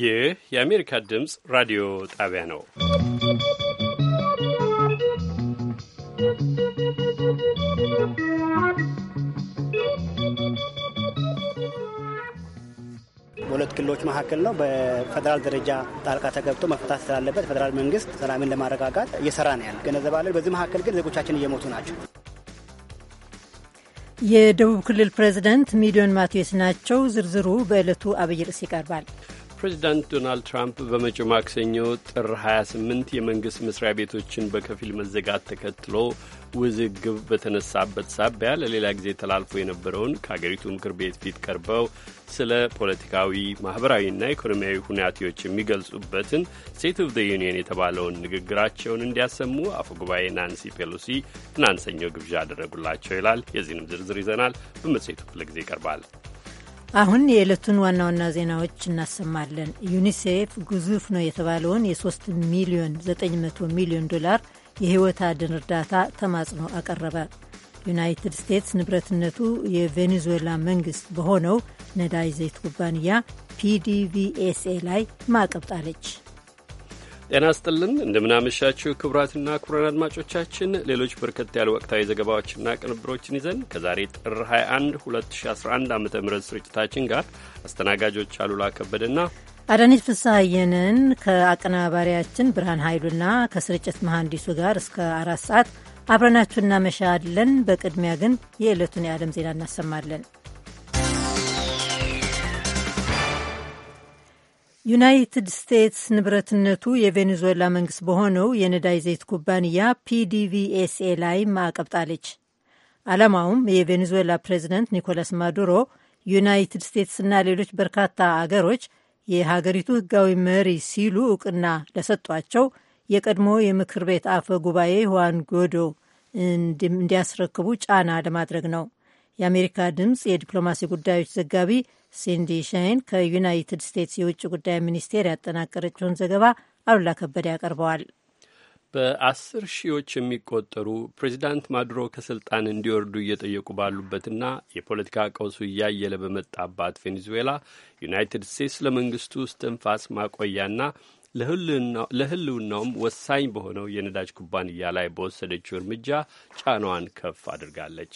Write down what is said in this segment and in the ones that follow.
ይህ የአሜሪካ ድምፅ ራዲዮ ጣቢያ ነው። በሁለት ክልሎች መካከል ነው። በፌዴራል ደረጃ ጣልቃ ተገብቶ መፈታት ስላለበት ፌዴራል መንግስት ሰላምን ለማረጋጋት እየሰራ ነው ያለ ገነዘባለን። በዚህ መካከል ግን ዜጎቻችን እየሞቱ ናቸው። የደቡብ ክልል ፕሬዚደንት ሚሊዮን ማቴዎስ ናቸው። ዝርዝሩ በዕለቱ አብይ ርዕስ ይቀርባል። ፕሬዚዳንት ዶናልድ ትራምፕ በመጪው ማክሰኞ ጥር 28 የመንግሥት መስሪያ ቤቶችን በከፊል መዘጋት ተከትሎ ውዝግብ በተነሳበት ሳቢያ ለሌላ ጊዜ ተላልፎ የነበረውን ከአገሪቱ ምክር ቤት ፊት ቀርበው ስለ ፖለቲካዊ፣ ማኅበራዊና ኢኮኖሚያዊ ሁናቴዎች የሚገልጹበትን ስቴት ኦፍ ዘ ዩኒየን የተባለውን ንግግራቸውን እንዲያሰሙ አፈጉባኤ ናንሲ ፔሎሲ ትናንት ሰኞ ግብዣ አደረጉላቸው ይላል። የዚህንም ዝርዝር ይዘናል፣ በመጽሔቱ ክፍለ ጊዜ ይቀርባል። አሁን የዕለቱን ዋና ዋና ዜናዎች እናሰማለን። ዩኒሴፍ ግዙፍ ነው የተባለውን የ3 ሚሊዮን 900 ሚሊዮን ዶላር የህይወት አድን እርዳታ ተማጽኖ አቀረበ። ዩናይትድ ስቴትስ ንብረትነቱ የቬኔዙዌላ መንግሥት በሆነው ነዳጅ ዘይት ኩባንያ ፒዲቪኤስኤ ላይ ማዕቀብ ጣለች። ጤና ስጥልን እንደምናመሻችው ክቡራትና ክቡራን አድማጮቻችን ሌሎች በርከት ያሉ ወቅታዊ ዘገባዎችና ቅንብሮችን ይዘን ከዛሬ ጥር 21 2011 ዓ ም ስርጭታችን ጋር አስተናጋጆች አሉላ ከበደና አዳኒት ፍስሐየንን ከአቀናባሪያችን ብርሃን ኃይሉና ከስርጭት መሐንዲሱ ጋር እስከ አራት ሰዓት አብረናችሁ እናመሻለን። በቅድሚያ ግን የዕለቱን የዓለም ዜና እናሰማለን። ዩናይትድ ስቴትስ ንብረትነቱ የቬኔዙዌላ መንግስት በሆነው የነዳጅ ዘይት ኩባንያ ፒዲቪኤስኤ ላይ ማዕቀብ ጣለች። ዓላማውም የቬኔዙዌላ ፕሬዚደንት ኒኮላስ ማዱሮ ዩናይትድ ስቴትስና ሌሎች በርካታ አገሮች የሀገሪቱ ህጋዊ መሪ ሲሉ እውቅና ለሰጧቸው የቀድሞ የምክር ቤት አፈ ጉባኤ ሁዋን ጎዶ እንዲያስረክቡ ጫና ለማድረግ ነው። የአሜሪካ ድምፅ የዲፕሎማሲ ጉዳዮች ዘጋቢ ሲንዲ ሻይን ከዩናይትድ ስቴትስ የውጭ ጉዳይ ሚኒስቴር ያጠናቀረችውን ዘገባ አሉላ ከበደ ያቀርበዋል። በአስር ሺዎች የሚቆጠሩ ፕሬዚዳንት ማዱሮ ከስልጣን እንዲወርዱ እየጠየቁ ባሉበትና የፖለቲካ ቀውሱ እያየለ በመጣባት ቬኔዙዌላ ዩናይትድ ስቴትስ ለመንግስቱ እስትንፋስ ማቆያና ለህልውናውም ወሳኝ በሆነው የነዳጅ ኩባንያ ላይ በወሰደችው እርምጃ ጫናዋን ከፍ አድርጋለች።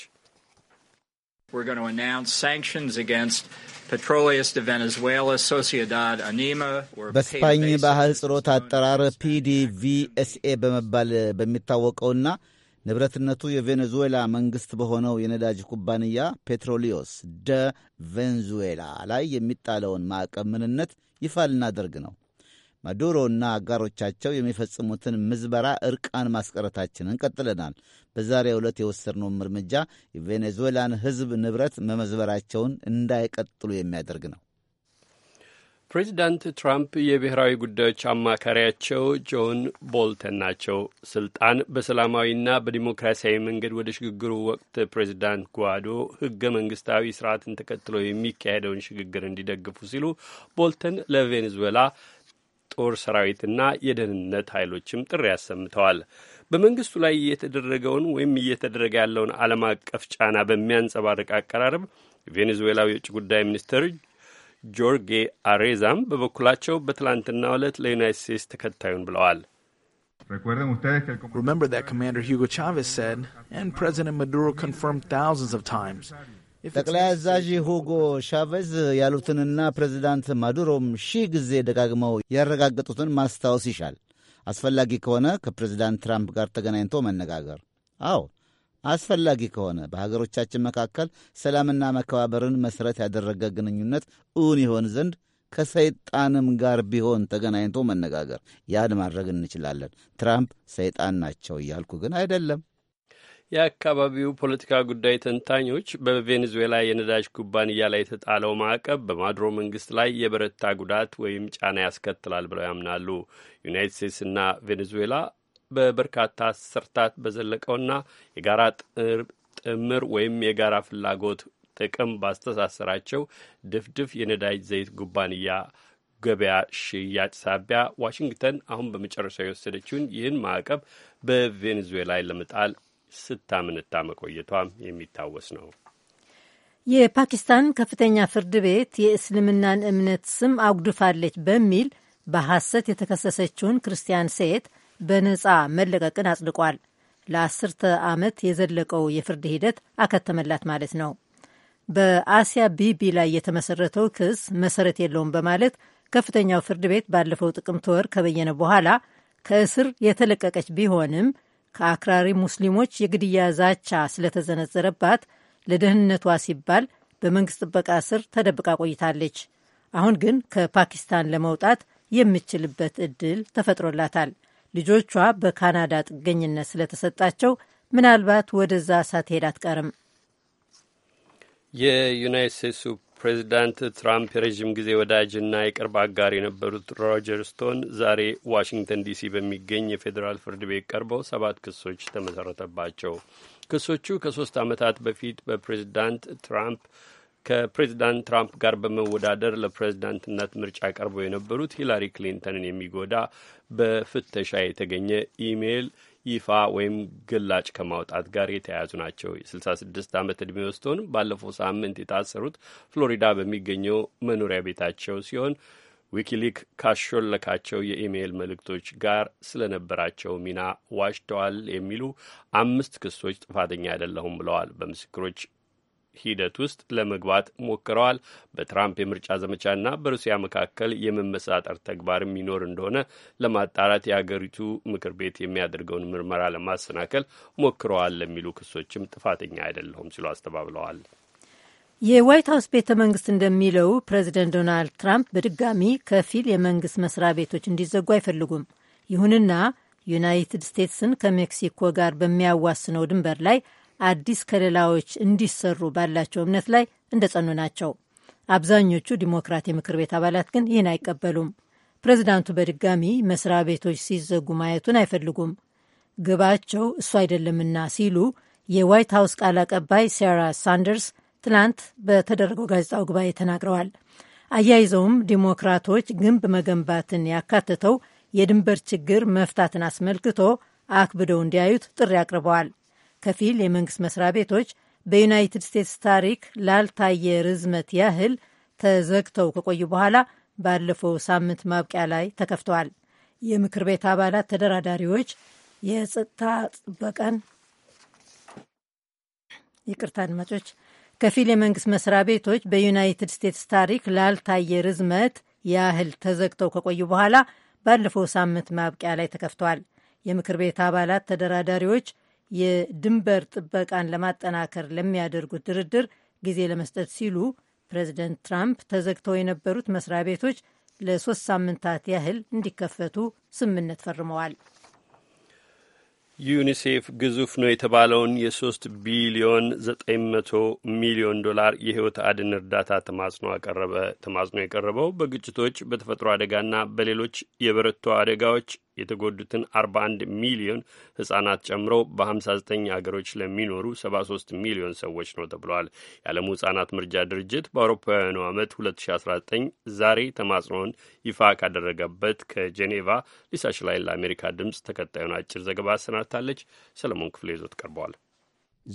We're going to announce sanctions against Petroleus de Venezuela, Sociedad Anima. በስፓኝ ባህል ጽሮት አጠራር ፒዲቪኤስኤ በመባል eh, በሚታወቀውና ንብረትነቱ የቬኔዙዌላ መንግሥት በሆነው የነዳጅ ኩባንያ ፔትሮሊዮስ ደ ቬንዙዌላ ላይ የሚጣለውን ማዕቀብ ምንነት ይፋ ልናደርግ ነው። ማዱሮና አጋሮቻቸው የሚፈጽሙትን ምዝበራ እርቃን ማስቀረታችንን ቀጥለናል። በዛሬው ዕለት የወሰድነውም እርምጃ የቬኔዙዌላን ሕዝብ ንብረት መመዝበራቸውን እንዳይቀጥሉ የሚያደርግ ነው። ፕሬዚዳንት ትራምፕ የብሔራዊ ጉዳዮች አማካሪያቸው ጆን ቦልተን ናቸው። ስልጣን በሰላማዊና በዲሞክራሲያዊ መንገድ ወደ ሽግግሩ ወቅት ፕሬዚዳንት ጓዶ ህገ መንግስታዊ ስርዓትን ተከትሎ የሚካሄደውን ሽግግር እንዲደግፉ ሲሉ ቦልተን ለቬኔዙዌላ ጦር ሰራዊትና የደህንነት ኃይሎችም ጥሪ አሰምተዋል። በመንግስቱ ላይ እየተደረገውን ወይም እየተደረገ ያለውን ዓለም አቀፍ ጫና በሚያንጸባርቅ አቀራረብ የቬኔዙዌላው የውጭ ጉዳይ ሚኒስትር ጆርጌ አሬዛም በበኩላቸው በትላንትና ዕለት ለዩናይት ስቴትስ ተከታዩን ብለዋል። Remember that Commander Hugo Chavez said, and President Maduro confirmed thousands of times, ጠቅላይ አዛዥ ሁጎ ሻቬዝ ያሉትንና ፕሬዚዳንት ማዱሮም ሺህ ጊዜ ደጋግመው ያረጋገጡትን ማስታወስ ይሻል። አስፈላጊ ከሆነ ከፕሬዚዳንት ትራምፕ ጋር ተገናኝቶ መነጋገር። አዎ አስፈላጊ ከሆነ በሀገሮቻችን መካከል ሰላምና መከባበርን መሠረት ያደረገ ግንኙነት እውን ይሆን ዘንድ ከሰይጣንም ጋር ቢሆን ተገናኝቶ መነጋገር ያን ማድረግ እንችላለን። ትራምፕ ሰይጣን ናቸው እያልኩ ግን አይደለም። የአካባቢው ፖለቲካ ጉዳይ ተንታኞች በቬኔዙዌላ የነዳጅ ኩባንያ ላይ የተጣለው ማዕቀብ በማድሮ መንግስት ላይ የበረታ ጉዳት ወይም ጫና ያስከትላል ብለው ያምናሉ። ዩናይትድ ስቴትስና ቬኔዙዌላ በበርካታ ስርታት በዘለቀውና የጋራ ጥምር ወይም የጋራ ፍላጎት ጥቅም ባስተሳሰራቸው ድፍድፍ የነዳጅ ዘይት ኩባንያ ገበያ ሽያጭ ሳቢያ ዋሽንግተን አሁን በመጨረሻ የወሰደችውን ይህን ማዕቀብ በቬኔዙዌላ ለመጣል ስታምንታ መቆየቷም የሚታወስ ነው። የፓኪስታን ከፍተኛ ፍርድ ቤት የእስልምናን እምነት ስም አጉድፋለች በሚል በሐሰት የተከሰሰችውን ክርስቲያን ሴት በነፃ መለቀቅን አጽድቋል። ለአስርተ ዓመት የዘለቀው የፍርድ ሂደት አከተመላት ማለት ነው። በአሲያ ቢቢ ላይ የተመሰረተው ክስ መሰረት የለውም በማለት ከፍተኛው ፍርድ ቤት ባለፈው ጥቅምት ወር ከበየነ በኋላ ከእስር የተለቀቀች ቢሆንም ከአክራሪ ሙስሊሞች የግድያ ዛቻ ስለተዘነዘረባት ለደህንነቷ ሲባል በመንግሥት ጥበቃ ስር ተደብቃ ቆይታለች። አሁን ግን ከፓኪስታን ለመውጣት የምችልበት እድል ተፈጥሮላታል። ልጆቿ በካናዳ ጥገኝነት ስለተሰጣቸው ምናልባት ወደዛ ሳትሄድ አትቀርም። የዩናይት ስቴትሱ ፕሬዚዳንት ትራምፕ የረዥም ጊዜ ወዳጅና የቅርብ አጋር የነበሩት ሮጀር ስቶን ዛሬ ዋሽንግተን ዲሲ በሚገኝ የፌዴራል ፍርድ ቤት ቀርበው ሰባት ክሶች ተመሰረተባቸው። ክሶቹ ከሶስት ዓመታት በፊት በፕሬዚዳንት ትራምፕ ከፕሬዚዳንት ትራምፕ ጋር በመወዳደር ለፕሬዚዳንትነት ምርጫ ቀርበው የነበሩት ሂላሪ ክሊንተንን የሚጎዳ በፍተሻ የተገኘ ኢሜይል ይፋ ወይም ግላጭ ከማውጣት ጋር የተያያዙ ናቸው። የ66 ዓመት ዕድሜ ወስቶን ባለፈው ሳምንት የታሰሩት ፍሎሪዳ በሚገኘው መኖሪያ ቤታቸው ሲሆን ዊኪሊክ ካሾለካቸው የኢሜይል መልእክቶች ጋር ስለነበራቸው ሚና ዋሽተዋል የሚሉ አምስት ክሶች ጥፋተኛ አይደለሁም ብለዋል። በምስክሮች ሂደት ውስጥ ለመግባት ሞክረዋል። በትራምፕ የምርጫ ዘመቻና በሩሲያ መካከል የመመሳጠር ተግባርም ይኖር እንደሆነ ለማጣራት የአገሪቱ ምክር ቤት የሚያደርገውን ምርመራ ለማሰናከል ሞክረዋል ለሚሉ ክሶችም ጥፋተኛ አይደለሁም ሲሉ አስተባብለዋል። የዋይት ሀውስ ቤተ መንግስት እንደሚለው ፕሬዚደንት ዶናልድ ትራምፕ በድጋሚ ከፊል የመንግስት መስሪያ ቤቶች እንዲዘጉ አይፈልጉም። ይሁንና ዩናይትድ ስቴትስን ከሜክሲኮ ጋር በሚያዋስነው ድንበር ላይ አዲስ ከለላዎች እንዲሰሩ ባላቸው እምነት ላይ እንደጸኑ ናቸው። አብዛኞቹ ዲሞክራት የምክር ቤት አባላት ግን ይህን አይቀበሉም። ፕሬዚዳንቱ በድጋሚ መስሪያ ቤቶች ሲዘጉ ማየቱን አይፈልጉም። ግባቸው እሱ አይደለምና ሲሉ የዋይት ሀውስ ቃል አቀባይ ሴራ ሳንደርስ ትናንት በተደረገው ጋዜጣው ጉባኤ ተናግረዋል። አያይዘውም ዲሞክራቶች ግንብ መገንባትን ያካተተው የድንበር ችግር መፍታትን አስመልክቶ አክብደው እንዲያዩት ጥሪ አቅርበዋል። ከፊል የመንግሥት መስሪያ ቤቶች በዩናይትድ ስቴትስ ታሪክ ላልታየ ርዝመት ያህል ተዘግተው ከቆዩ በኋላ ባለፈው ሳምንት ማብቂያ ላይ ተከፍተዋል። የምክር ቤት አባላት ተደራዳሪዎች የጸጥታ ጥበቃን ይቅርታ አድማጮች፣ ከፊል የመንግሥት መስሪያ ቤቶች በዩናይትድ ስቴትስ ታሪክ ላልታየ ርዝመት ያህል ተዘግተው ከቆዩ በኋላ ባለፈው ሳምንት ማብቂያ ላይ ተከፍተዋል። የምክር ቤት አባላት ተደራዳሪዎች የድንበር ጥበቃን ለማጠናከር ለሚያደርጉት ድርድር ጊዜ ለመስጠት ሲሉ ፕሬዚደንት ትራምፕ ተዘግተው የነበሩት መስሪያ ቤቶች ለሶስት ሳምንታት ያህል እንዲከፈቱ ስምምነት ፈርመዋል። ዩኒሴፍ ግዙፍ ነው የተባለውን የሶስት ቢሊዮን ዘጠኝ መቶ ሚሊዮን ዶላር የህይወት አድን እርዳታ ተማጽኖ አቀረበ። ተማጽኖ የቀረበው በግጭቶች በተፈጥሮ አደጋና በሌሎች የበረቱ አደጋዎች የተጎዱትን 41 ሚሊዮን ህጻናት ጨምሮ በ59 አገሮች ለሚኖሩ 73 ሚሊዮን ሰዎች ነው ተብሏል። የዓለሙ ህጻናት ምርጃ ድርጅት በአውሮፓውያኑ ዓመት 2019 ዛሬ ተማጽኖውን ይፋ ካደረገበት ከጄኔቫ ሊሳሽ ላይ ለአሜሪካ ድምፅ ተከታዩን አጭር ዘገባ አሰናድታለች። ሰለሞን ክፍሌ ይዞት ቀርበዋል።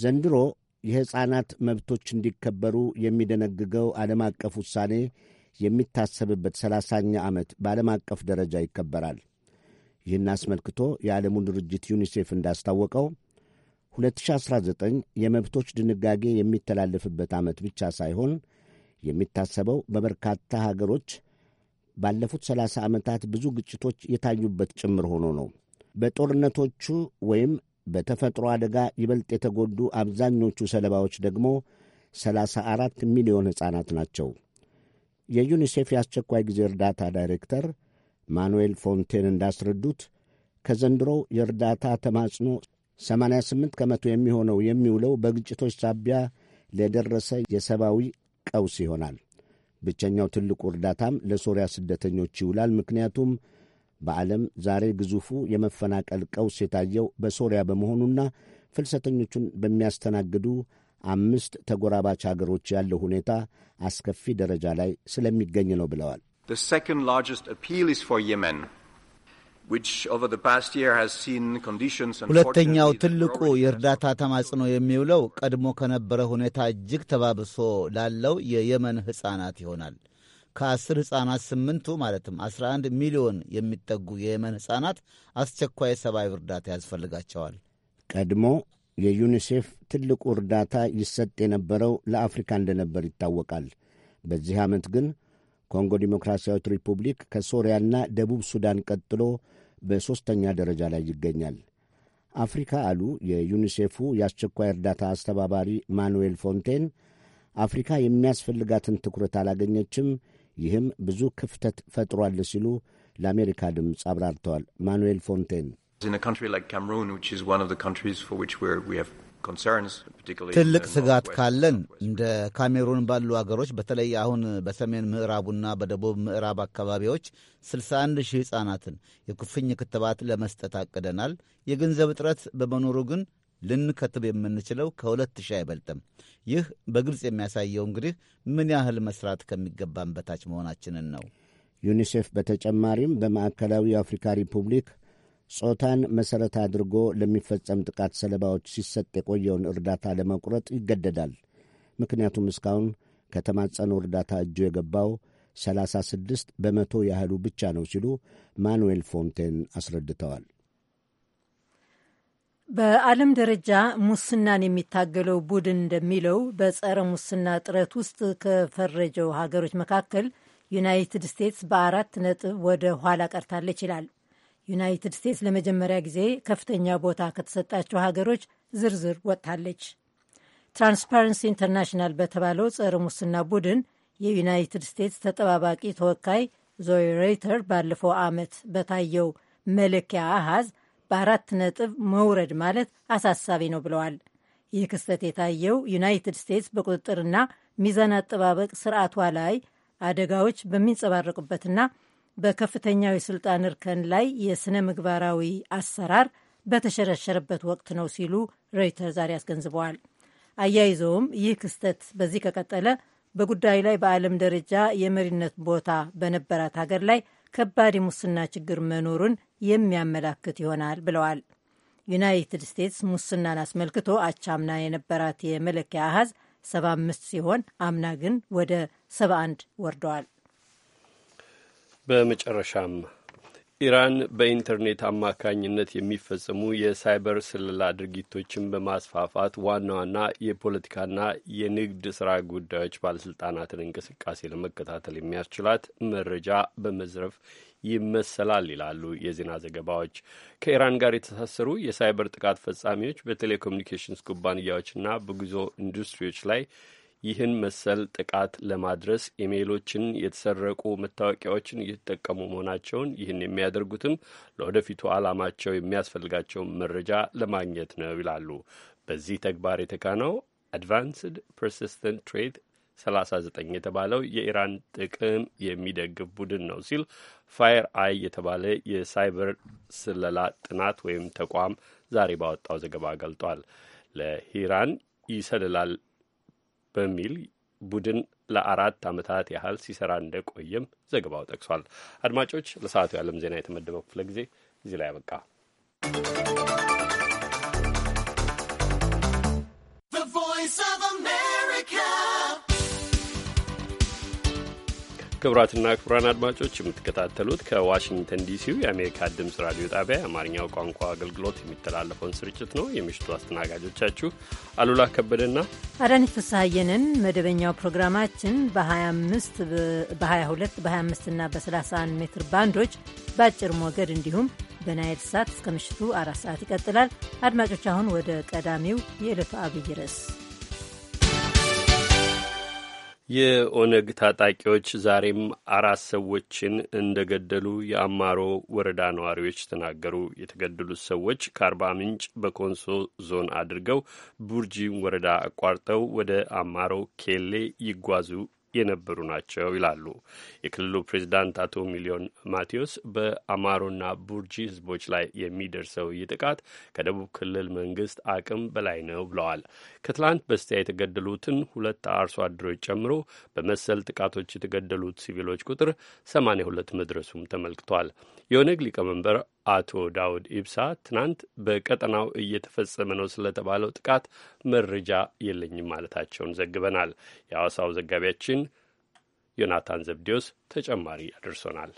ዘንድሮ የሕፃናት መብቶች እንዲከበሩ የሚደነግገው ዓለም አቀፍ ውሳኔ የሚታሰብበት ሰላሳኛ ዓመት በዓለም አቀፍ ደረጃ ይከበራል። ይህን አስመልክቶ የዓለሙን ድርጅት ዩኒሴፍ እንዳስታወቀው 2019 የመብቶች ድንጋጌ የሚተላለፍበት ዓመት ብቻ ሳይሆን የሚታሰበው በበርካታ ሀገሮች ባለፉት 30 ዓመታት ብዙ ግጭቶች የታዩበት ጭምር ሆኖ ነው። በጦርነቶቹ ወይም በተፈጥሮ አደጋ ይበልጥ የተጎዱ አብዛኞቹ ሰለባዎች ደግሞ 34 ሚሊዮን ሕፃናት ናቸው። የዩኒሴፍ የአስቸኳይ ጊዜ እርዳታ ዳይሬክተር ማኑኤል ፎንቴን እንዳስረዱት ከዘንድሮው የእርዳታ ተማጽኖ 88 ከመቶ የሚሆነው የሚውለው በግጭቶች ሳቢያ ለደረሰ የሰብአዊ ቀውስ ይሆናል። ብቸኛው ትልቁ እርዳታም ለሶሪያ ስደተኞች ይውላል። ምክንያቱም በዓለም ዛሬ ግዙፉ የመፈናቀል ቀውስ የታየው በሶሪያ በመሆኑና ፍልሰተኞቹን በሚያስተናግዱ አምስት ተጎራባች አገሮች ያለው ሁኔታ አስከፊ ደረጃ ላይ ስለሚገኝ ነው ብለዋል። The second largest appeal is for Yemen. ሁለተኛው ትልቁ የእርዳታ ተማጽኖ የሚውለው ቀድሞ ከነበረ ሁኔታ እጅግ ተባብሶ ላለው የየመን ሕፃናት ይሆናል። ከአስር ሕፃናት ስምንቱ ማለትም 11 ሚሊዮን የሚጠጉ የየመን ሕፃናት አስቸኳይ ሰብአዊ እርዳታ ያስፈልጋቸዋል። ቀድሞ የዩኒሴፍ ትልቁ እርዳታ ይሰጥ የነበረው ለአፍሪካ እንደነበር ይታወቃል። በዚህ ዓመት ግን ኮንጎ ዲሞክራሲያዊት ሪፑብሊክ ከሶሪያና ደቡብ ሱዳን ቀጥሎ በሦስተኛ ደረጃ ላይ ይገኛል። አፍሪካ አሉ የዩኒሴፉ የአስቸኳይ እርዳታ አስተባባሪ ማኑኤል ፎንቴን፣ አፍሪካ የሚያስፈልጋትን ትኩረት አላገኘችም፣ ይህም ብዙ ክፍተት ፈጥሯል ሲሉ ለአሜሪካ ድምፅ አብራርተዋል። ማኑዌል ፎንቴን ትልቅ ስጋት ካለን እንደ ካሜሩን ባሉ አገሮች በተለይ አሁን በሰሜን ምዕራቡና በደቡብ ምዕራብ አካባቢዎች 61 ሺህ ሕፃናትን የኩፍኝ ክትባት ለመስጠት አቅደናል። የገንዘብ እጥረት በመኖሩ ግን ልንከትብ የምንችለው ከሁለት ሺህ አይበልጥም። ይህ በግልጽ የሚያሳየው እንግዲህ ምን ያህል መስራት ከሚገባን በታች መሆናችንን ነው። ዩኒሴፍ በተጨማሪም በማዕከላዊ አፍሪካ ሪፑብሊክ ጾታን መሠረት አድርጎ ለሚፈጸም ጥቃት ሰለባዎች ሲሰጥ የቆየውን እርዳታ ለመቁረጥ ይገደዳል። ምክንያቱም እስካሁን ከተማጸነው እርዳታ እጁ የገባው 36 በመቶ ያህሉ ብቻ ነው ሲሉ ማኑዌል ፎንቴን አስረድተዋል። በዓለም ደረጃ ሙስናን የሚታገለው ቡድን እንደሚለው በጸረ ሙስና ጥረት ውስጥ ከፈረጀው ሀገሮች መካከል ዩናይትድ ስቴትስ በአራት ነጥብ ወደ ኋላ ቀርታለች ይላል። ዩናይትድ ስቴትስ ለመጀመሪያ ጊዜ ከፍተኛ ቦታ ከተሰጣቸው ሀገሮች ዝርዝር ወጥታለች። ትራንስፓረንሲ ኢንተርናሽናል በተባለው ጸረ ሙስና ቡድን የዩናይትድ ስቴትስ ተጠባባቂ ተወካይ ዞይ ሬይተር ባለፈው ዓመት በታየው መለኪያ አሃዝ በአራት ነጥብ መውረድ ማለት አሳሳቢ ነው ብለዋል። ይህ ክስተት የታየው ዩናይትድ ስቴትስ በቁጥጥርና ሚዛን አጠባበቅ ስርዓቷ ላይ አደጋዎች በሚንጸባረቁበትና በከፍተኛው የስልጣን እርከን ላይ የሥነ ምግባራዊ አሰራር በተሸረሸረበት ወቅት ነው ሲሉ ሮይተር ዛሬ አስገንዝበዋል። አያይዘውም ይህ ክስተት በዚህ ከቀጠለ በጉዳዩ ላይ በዓለም ደረጃ የመሪነት ቦታ በነበራት ሀገር ላይ ከባድ የሙስና ችግር መኖሩን የሚያመላክት ይሆናል ብለዋል። ዩናይትድ ስቴትስ ሙስናን አስመልክቶ አቻምና የነበራት የመለኪያ አሃዝ 75 ሲሆን አምና ግን ወደ 71 ወርደዋል። በመጨረሻም ኢራን በኢንተርኔት አማካኝነት የሚፈጸሙ የሳይበር ስለላ ድርጊቶችን በማስፋፋት ዋና ዋና የፖለቲካና የንግድ ስራ ጉዳዮች ባለስልጣናትን እንቅስቃሴ ለመከታተል የሚያስችላት መረጃ በመዝረፍ ይመሰላል ይላሉ የዜና ዘገባዎች። ከኢራን ጋር የተሳሰሩ የሳይበር ጥቃት ፈጻሚዎች በቴሌኮሙኒኬሽንስ ኩባንያዎችና በጉዞ ኢንዱስትሪዎች ላይ ይህን መሰል ጥቃት ለማድረስ ኢሜይሎችን፣ የተሰረቁ መታወቂያዎችን እየተጠቀሙ መሆናቸውን ይህን የሚያደርጉትም ለወደፊቱ ዓላማቸው የሚያስፈልጋቸውን መረጃ ለማግኘት ነው ይላሉ። በዚህ ተግባር የተካነው አድቫንስድ ፐርሲስተንት ትሬድ 39 የተባለው የኢራን ጥቅም የሚደግፍ ቡድን ነው ሲል ፋየር አይ የተባለ የሳይበር ስለላ ጥናት ወይም ተቋም ዛሬ ባወጣው ዘገባ ገልጧል። ለኢራን ይሰልላል በሚል ቡድን ለአራት ዓመታት ያህል ሲሰራ እንደቆየም ዘገባው ጠቅሷል። አድማጮች፣ ለሰዓቱ የዓለም ዜና የተመደበው ክፍለ ጊዜ እዚህ ላይ አበቃ። ክቡራትና ክቡራን አድማጮች የምትከታተሉት ከዋሽንግተን ዲሲው የአሜሪካ ድምፅ ራዲዮ ጣቢያ የአማርኛው ቋንቋ አገልግሎት የሚተላለፈውን ስርጭት ነው። የምሽቱ አስተናጋጆቻችሁ አሉላ ከበደና አዳነች ፍስሐየንን። መደበኛው ፕሮግራማችን በ25 በ22 በ25 እና በ31 ሜትር ባንዶች በአጭር ሞገድ እንዲሁም በናይል ሳት እስከ ምሽቱ አራት ሰዓት ይቀጥላል። አድማጮች አሁን ወደ ቀዳሚው የዕለቱ አብይ ርዕስ የኦነግ ታጣቂዎች ዛሬም አራት ሰዎችን እንደገደሉ የአማሮ ወረዳ ነዋሪዎች ተናገሩ። የተገደሉት ሰዎች ከአርባ ምንጭ በኮንሶ ዞን አድርገው ቡርጂ ወረዳ አቋርጠው ወደ አማሮ ኬሌ ይጓዙ የነበሩ ናቸው ይላሉ። የክልሉ ፕሬዚዳንት አቶ ሚሊዮን ማቴዎስ በአማሮና ቡርጂ ህዝቦች ላይ የሚደርሰው ይህ ጥቃት ከደቡብ ክልል መንግስት አቅም በላይ ነው ብለዋል። ከትላንት በስቲያ የተገደሉትን ሁለት አርሶ አደሮች ጨምሮ በመሰል ጥቃቶች የተገደሉት ሲቪሎች ቁጥር 82 መድረሱም ተመልክቷል። የኦነግ ሊቀመንበር አቶ ዳውድ ኢብሳ ትናንት በቀጠናው እየተፈጸመ ነው ስለተባለው ጥቃት መረጃ የለኝም ማለታቸውን ዘግበናል። የአዋሳው ዘጋቢያችን ዮናታን ዘብዴዎስ ተጨማሪ አድርሶናል።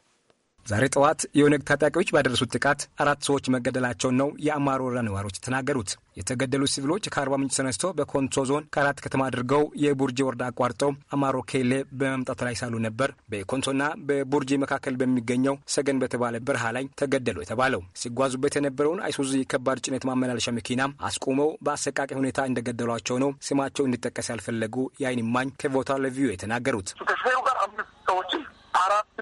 ዛሬ ጠዋት የኦነግ ታጣቂዎች ባደረሱት ጥቃት አራት ሰዎች መገደላቸውን ነው የአማሮ ወረዳ ነዋሪዎች የተናገሩት። የተገደሉ ሲቪሎች ከአርባ ምንጭ ተነስቶ በኮንሶ ዞን ከአራት ከተማ አድርገው የቡርጂ ወረዳ አቋርጠው አማሮ ኬሌ በመምጣት ላይ ሳሉ ነበር በኮንሶና በቡርጂ መካከል በሚገኘው ሰገን በተባለ በረሃ ላይ ተገደሉ የተባለው። ሲጓዙበት የነበረውን አይሱዙ የከባድ ጭነት ማመላለሻ መኪና አስቁመው በአሰቃቂ ሁኔታ እንደገደሏቸው ነው ስማቸው እንዲጠቀስ ያልፈለጉ የአይን ማኝ ከቦታ ለቪዮ የተናገሩት።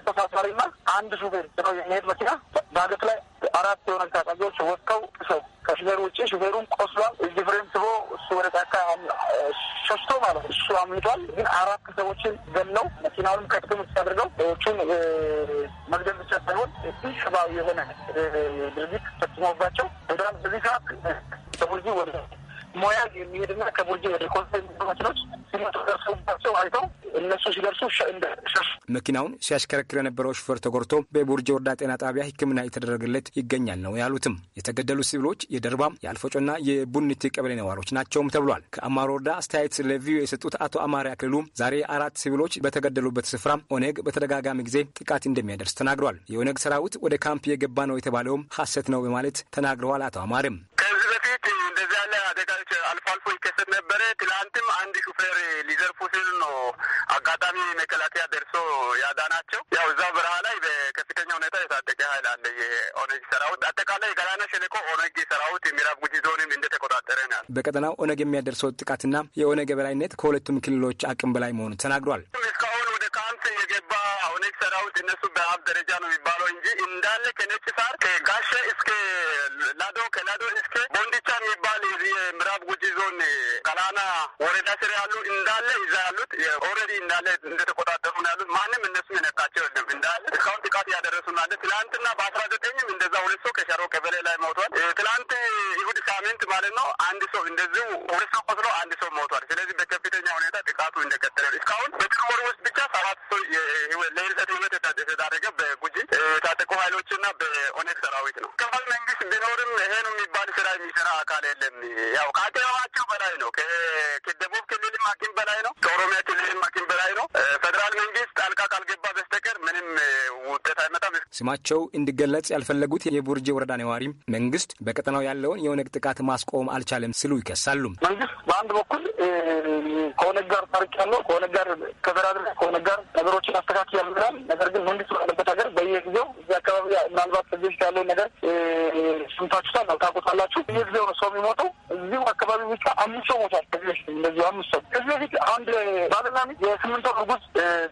ተሳፋሪና አንድ ሹፌር ነው የሚሄድ መኪና ዳገት ላይ አራት የሆነ ታጣቂዎች ወጥተው ሰው ከሹፌሩ ውጭ ሹፌሩን ቆስሏል። እዚህ ፍሬም ስቦ እሱ ወደ ጫካ ሸሽቶ ማለት ነው። እሱ አምልጧል። ግን አራት ሰዎችን ገለው መኪናውንም ከጥቅም ውጭ አድርገው ሰዎቹን መግደል ብቻ ሳይሆን ሰብአዊ የሆነ ድርጊት ፈጽሞባቸው በዚህ ሰዓት ተጉጂ ወደ ሞያዝ የሚሄድና ከቡርጅ ወደ ኮንሳ መኪኖች ሲመጡ ደርሰውባቸው አይተው እነሱ ሲደርሱ መኪናውን ሲያሽከረክር የነበረው ሹፌር ተጎድቶ በቡርጅ ወረዳ ጤና ጣቢያ ሕክምና የተደረገለት ይገኛል ነው ያሉትም። የተገደሉ ሲቪሎች የደርባም የአልፈጮና የቡኒቲ ቀበሌ ነዋሪዎች ናቸውም ተብሏል። ከአማሮ ወረዳ አስተያየት ለቪዮ የሰጡት አቶ አማሪ አክልሉ ዛሬ አራት ሲቪሎች በተገደሉበት ስፍራ ኦነግ በተደጋጋሚ ጊዜ ጥቃት እንደሚያደርስ ተናግሯል። የኦነግ ሰራዊት ወደ ካምፕ የገባ ነው የተባለውም ሐሰት ነው በማለት ተናግረዋል። አቶ አማርም ከዚህ በፊት እንደዚያ አደጋዎች አልፎ አልፎ ይከሰት ነበረ። ትላንትም አንድ ሹፌር ሊዘርፉ ሲሉ ነው አጋጣሚ መከላከያ ደርሶ ያዳናቸው። ያው እዛ በረሃ ላይ በከፍተኛ ሁኔታ የታጠቀ ኃይል አለ። የኦነግ ሰራዊት አጠቃላይ የገላና ሸለቆ ኦነግ ሰራዊት የሚራብ ጉጂ ዞንም እንደተቆጣጠረ ናል። በቀጠናው ኦነግ የሚያደርሰው ጥቃትና የኦነግ የበላይነት ከሁለቱም ክልሎች አቅም በላይ መሆኑ ተናግሯል። ነጭ ሰራዊት እነሱ በአብ ደረጃ ነው የሚባለው እንጂ እንዳለ ከነጭ ሳር ከጋሸ እስከ ላዶ ከላዶ እስከ ቦንዲቻ የሚባል የምዕራብ ጉጂ ዞን ቀላና ወረዳ ስር ያሉ እንዳለ ይዛ ያሉት ኦልሬዲ እንዳለ እንደተቆጣጠሩ ነው ያሉት። ማንም እነሱ የነካቸው የለም። እንዳለ እስካሁን ጥቃት ያደረሱ ናለ። ትላንትና በአስራ ዘጠኝም እንደዛ ሁለት ሰው ከሸሮ ቀበሌ ላይ ሞቷል። ትላንት ይሁድ ሳምንት ማለት ነው አንድ ሰው እንደዚሁ ሁለት ሰው ቆስሎ አንድ ሰው ሞቷል። ስለዚህ ሰራዊትና በኦነግ ሰራዊት ነው። ክፍል መንግስት ቢኖርም ይሄን የሚባል ስራ የሚሰራ አካል የለም። ያው ከአቅማቸው በላይ ነው። ከደቡብ ክልልም አቅም በላይ ነው። ከኦሮሚያ ክልልም አቅም በላይ ነው። ፌዴራል መንግስት ጣልቃ ካልገባ በስተቀር ምንም ውጤት አይመጣም። ስማቸው እንዲገለጽ ያልፈለጉት የቡርጄ ወረዳ ነዋሪም መንግስት በቀጠናው ያለውን የኦነግ ጥቃት ማስቆም አልቻለም ሲሉ ይከሳሉ። መንግስት በአንድ በኩል ከሆነ ጋር ታርቂያለሁ፣ ከሆነ ጋር ከተደራድሬ ከሆነ ጋር ነገሮችን አስተካክ ብላል። ነገር ግን መንግስት ባለበት ሀገር በየጊዜው እዚህ አካባቢ ምናልባት ከዚህ በፊት ያለውን ነገር ስምታችሁታል፣ ታውቁታላችሁ። በየጊዜው ነው ሰው የሚሞተው። እዚሁ አካባቢ ብቻ አምስት ሰው ሞቷል ከዚህ በፊት እንደዚሁ አምስት ሰው። ከዚህ በፊት አንድ ባልና ሚስት የስምንት ወር እርጉዝ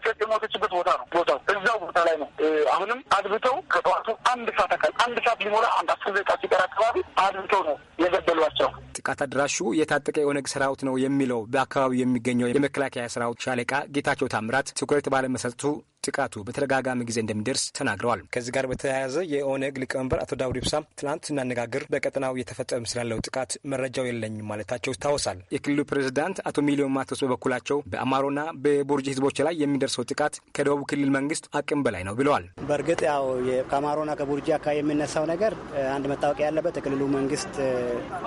ሴት የሞተችበት ቦታ ነው ቦታው እዛው ቦታ ላይ ነው። አሁንም አድብተው ከጠዋቱ አንድ ሰዓት አካል አንድ ሰዓት ሊሞላ አንድ አስር ዘቃ ሲቀር አካባቢ አድብተው ነው የገደሏቸው። ጥቃት አድራሹ የታጠቀ የኦነግ ስራ ሰራዊት ነው የሚለው በአካባቢው የሚገኘው የመከላከያ ሰራዊት ሻለቃ ጌታቸው ታምራት ትኩረት ባለመሰጠቱ ጥቃቱ በተደጋጋሚ ጊዜ እንደሚደርስ ተናግረዋል። ከዚህ ጋር በተያያዘ የኦነግ ሊቀመንበር አቶ ዳውድ ኢብሳ ትናንት ስናነጋግር በቀጠናው የተፈጸመ ስላለው ጥቃት መረጃው የለኝም ማለታቸው ይታወሳል። የክልሉ ፕሬዚዳንት አቶ ሚሊዮን ማቶስ በበኩላቸው በአማሮና በቦርጂ ህዝቦች ላይ የሚደርሰው ጥቃት ከደቡብ ክልል መንግስት አቅም በላይ ነው ብለዋል። በእርግጥ ያው ከአማሮና ከቦርጂ አካባቢ የሚነሳው ነገር አንድ መታወቂያ ያለበት የክልሉ መንግስት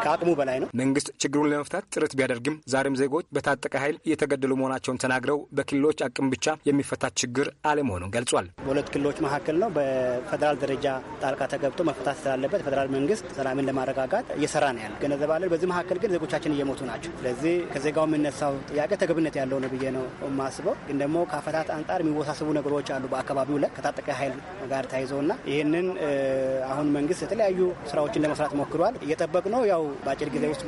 ከአቅሙ በላይ ነው። መንግስት ችግሩን ለመፍታት ጥረት ቢያደርግም ዛሬም ዜጎች በታጠቀ ኃይል እየተገደሉ መሆናቸውን ተናግረው በክልሎች አቅም ብቻ የሚፈታ ችግር አለመሆኑን ገልጿል። በሁለት ክልሎች መካከል ነው። በፌዴራል ደረጃ ጣልቃ ተገብቶ መፈታት ስላለበት ፌዴራል መንግስት ሰላምን ለማረጋጋት እየሰራ ነው ያለ ገነዘባለን። በዚህ መካከል ግን ዜጎቻችን እየሞቱ ናቸው። ስለዚህ ከዜጋው የሚነሳው ጥያቄ ተገብነት ያለው ነው ብዬ ነው የማስበው። ግን ደግሞ ከአፈታት አንጻር የሚወሳሰቡ ነገሮች አሉ። በአካባቢው ላይ ከታጠቀ ኃይል ጋር ተያይዘውና ይህንን አሁን መንግስት የተለያዩ ስራዎችን ለመስራት ሞክሯል። እየጠበቅ ነው ያው በአጭር ጊዜ ውስጥ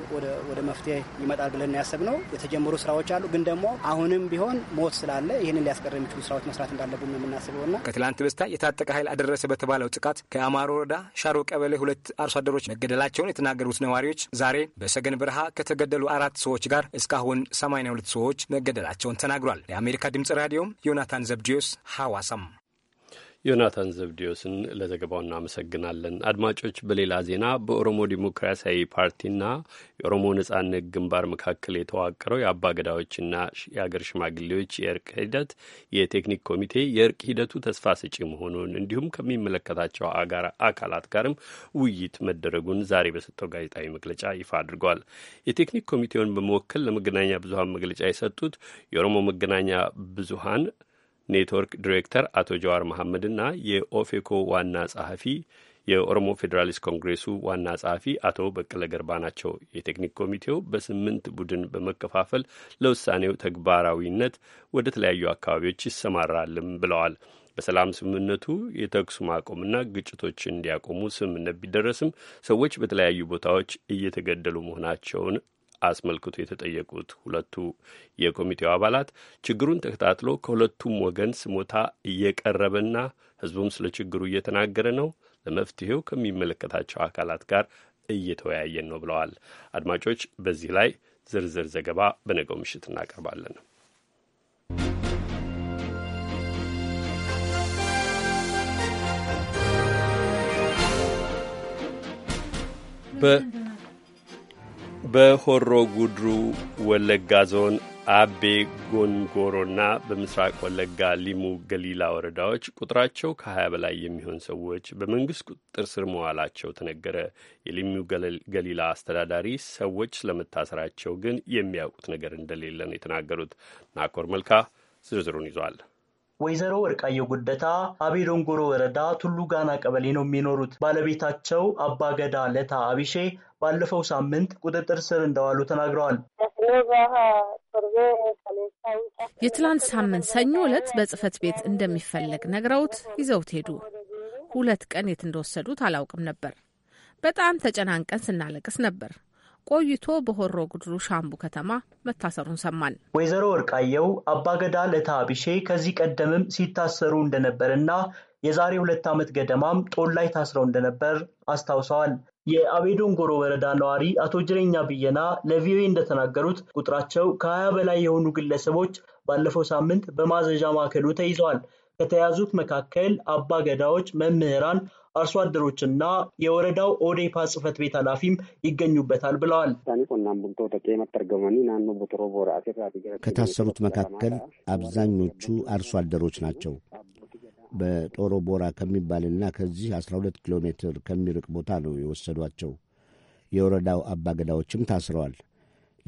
ወደ መፍትሄ ይመጣል ብለን ያሰብ ነው። የተጀመሩ ስራዎች አሉ። ግን ደግሞ አሁንም ቢሆን ሞት ስላለ ይህንን ሊያስቀር የሚችሉ ስራዎች መስራት እንዳለ እንዳለብን ነው የምናስበው ና ከትላንት በስታ የታጠቀ ኃይል አደረሰ በተባለው ጥቃት ከአማሮ ወረዳ ሻሮ ቀበሌ ሁለት አርሶ አደሮች መገደላቸውን የተናገሩት ነዋሪዎች ዛሬ በሰገን በረሃ ከተገደሉ አራት ሰዎች ጋር እስካሁን 82 ሰዎች መገደላቸውን ተናግሯል። የአሜሪካ ድምጽ ራዲዮም ዮናታን ዘብዲዮስ ሐዋሳም ዮናታን ዘብዲዮስን ለዘገባው እናመሰግናለን። አድማጮች፣ በሌላ ዜና በኦሮሞ ዲሞክራሲያዊ ፓርቲና የኦሮሞ ነጻነት ግንባር መካከል የተዋቀረው የአባገዳዎችና የአገር ሽማግሌዎች የእርቅ ሂደት የቴክኒክ ኮሚቴ የእርቅ ሂደቱ ተስፋ ሰጪ መሆኑን እንዲሁም ከሚመለከታቸው አካላት ጋርም ውይይት መደረጉን ዛሬ በሰጠው ጋዜጣዊ መግለጫ ይፋ አድርጓል። የቴክኒክ ኮሚቴውን በመወከል ለመገናኛ ብዙሀን መግለጫ የሰጡት የኦሮሞ መገናኛ ብዙሀን ኔትወርክ ዲሬክተር አቶ ጀዋር መሐመድና የኦፌኮ ዋና ጸሐፊ የኦሮሞ ፌዴራሊስት ኮንግሬሱ ዋና ጸሐፊ አቶ በቀለ ገርባ ናቸው። የቴክኒክ ኮሚቴው በስምንት ቡድን በመከፋፈል ለውሳኔው ተግባራዊነት ወደ ተለያዩ አካባቢዎች ይሰማራልም ብለዋል። በሰላም ስምምነቱ የተኩስ ማቆምና ግጭቶች እንዲያቆሙ ስምምነት ቢደረስም ሰዎች በተለያዩ ቦታዎች እየተገደሉ መሆናቸውን አስመልክቶ የተጠየቁት ሁለቱ የኮሚቴው አባላት ችግሩን ተከታትሎ ከሁለቱም ወገን ስሞታ እየቀረበና ህዝቡም ስለ ችግሩ እየተናገረ ነው፣ ለመፍትሄው ከሚመለከታቸው አካላት ጋር እየተወያየን ነው ብለዋል። አድማጮች፣ በዚህ ላይ ዝርዝር ዘገባ በነገው ምሽት እናቀርባለን። በ በሆሮ ጉድሩ ወለጋ ዞን አቤ ጎንጎሮና በምስራቅ ወለጋ ሊሙ ገሊላ ወረዳዎች ቁጥራቸው ከ20 በላይ የሚሆን ሰዎች በመንግስት ቁጥጥር ስር መዋላቸው ተነገረ። የሊሙ ገሊላ አስተዳዳሪ ሰዎች ስለመታሰራቸው ግን የሚያውቁት ነገር እንደሌለ ነው የተናገሩት። ናኮር መልካ ዝርዝሩን ይዟል። ወይዘሮ ወርቃየ ጉደታ አቤዶንጎሮ ወረዳ ቱሉ ጋና ቀበሌ ነው የሚኖሩት። ባለቤታቸው አባገዳ ለታ አቢሼ ባለፈው ሳምንት ቁጥጥር ስር እንደዋሉ ተናግረዋል። የትላንት ሳምንት ሰኞ ዕለት በጽህፈት ቤት እንደሚፈለግ ነግረውት ይዘውት ሄዱ። ሁለት ቀን የት እንደወሰዱት አላውቅም ነበር። በጣም ተጨናንቀን ስናለቅስ ነበር። ቆይቶ በሆሮ ጉድሩ ሻምቡ ከተማ መታሰሩን ሰማን። ወይዘሮ ወርቃየው አባገዳ ለታ ቢሼ ከዚህ ቀደምም ሲታሰሩ እንደነበርና የዛሬ ሁለት ዓመት ገደማም ጦል ላይ ታስረው እንደነበር አስታውሰዋል። የአቤዶንጎሮ ወረዳ ነዋሪ አቶ ጅሬኛ ብየና ለቪኦኤ እንደተናገሩት ቁጥራቸው ከ20 በላይ የሆኑ ግለሰቦች ባለፈው ሳምንት በማዘዣ ማዕከሉ ተይዘዋል። ከተያዙት መካከል አባ ገዳዎች፣ መምህራን፣ አርሶ አደሮችና የወረዳው ኦዴፓ ጽህፈት ቤት ኃላፊም ይገኙበታል ብለዋል። ከታሰሩት መካከል አብዛኞቹ አርሶ አደሮች ናቸው። በጦሮ ቦራ ከሚባልና ከዚህ 12 ኪሎ ሜትር ከሚርቅ ቦታ ነው የወሰዷቸው። የወረዳው አባገዳዎችም ታስረዋል።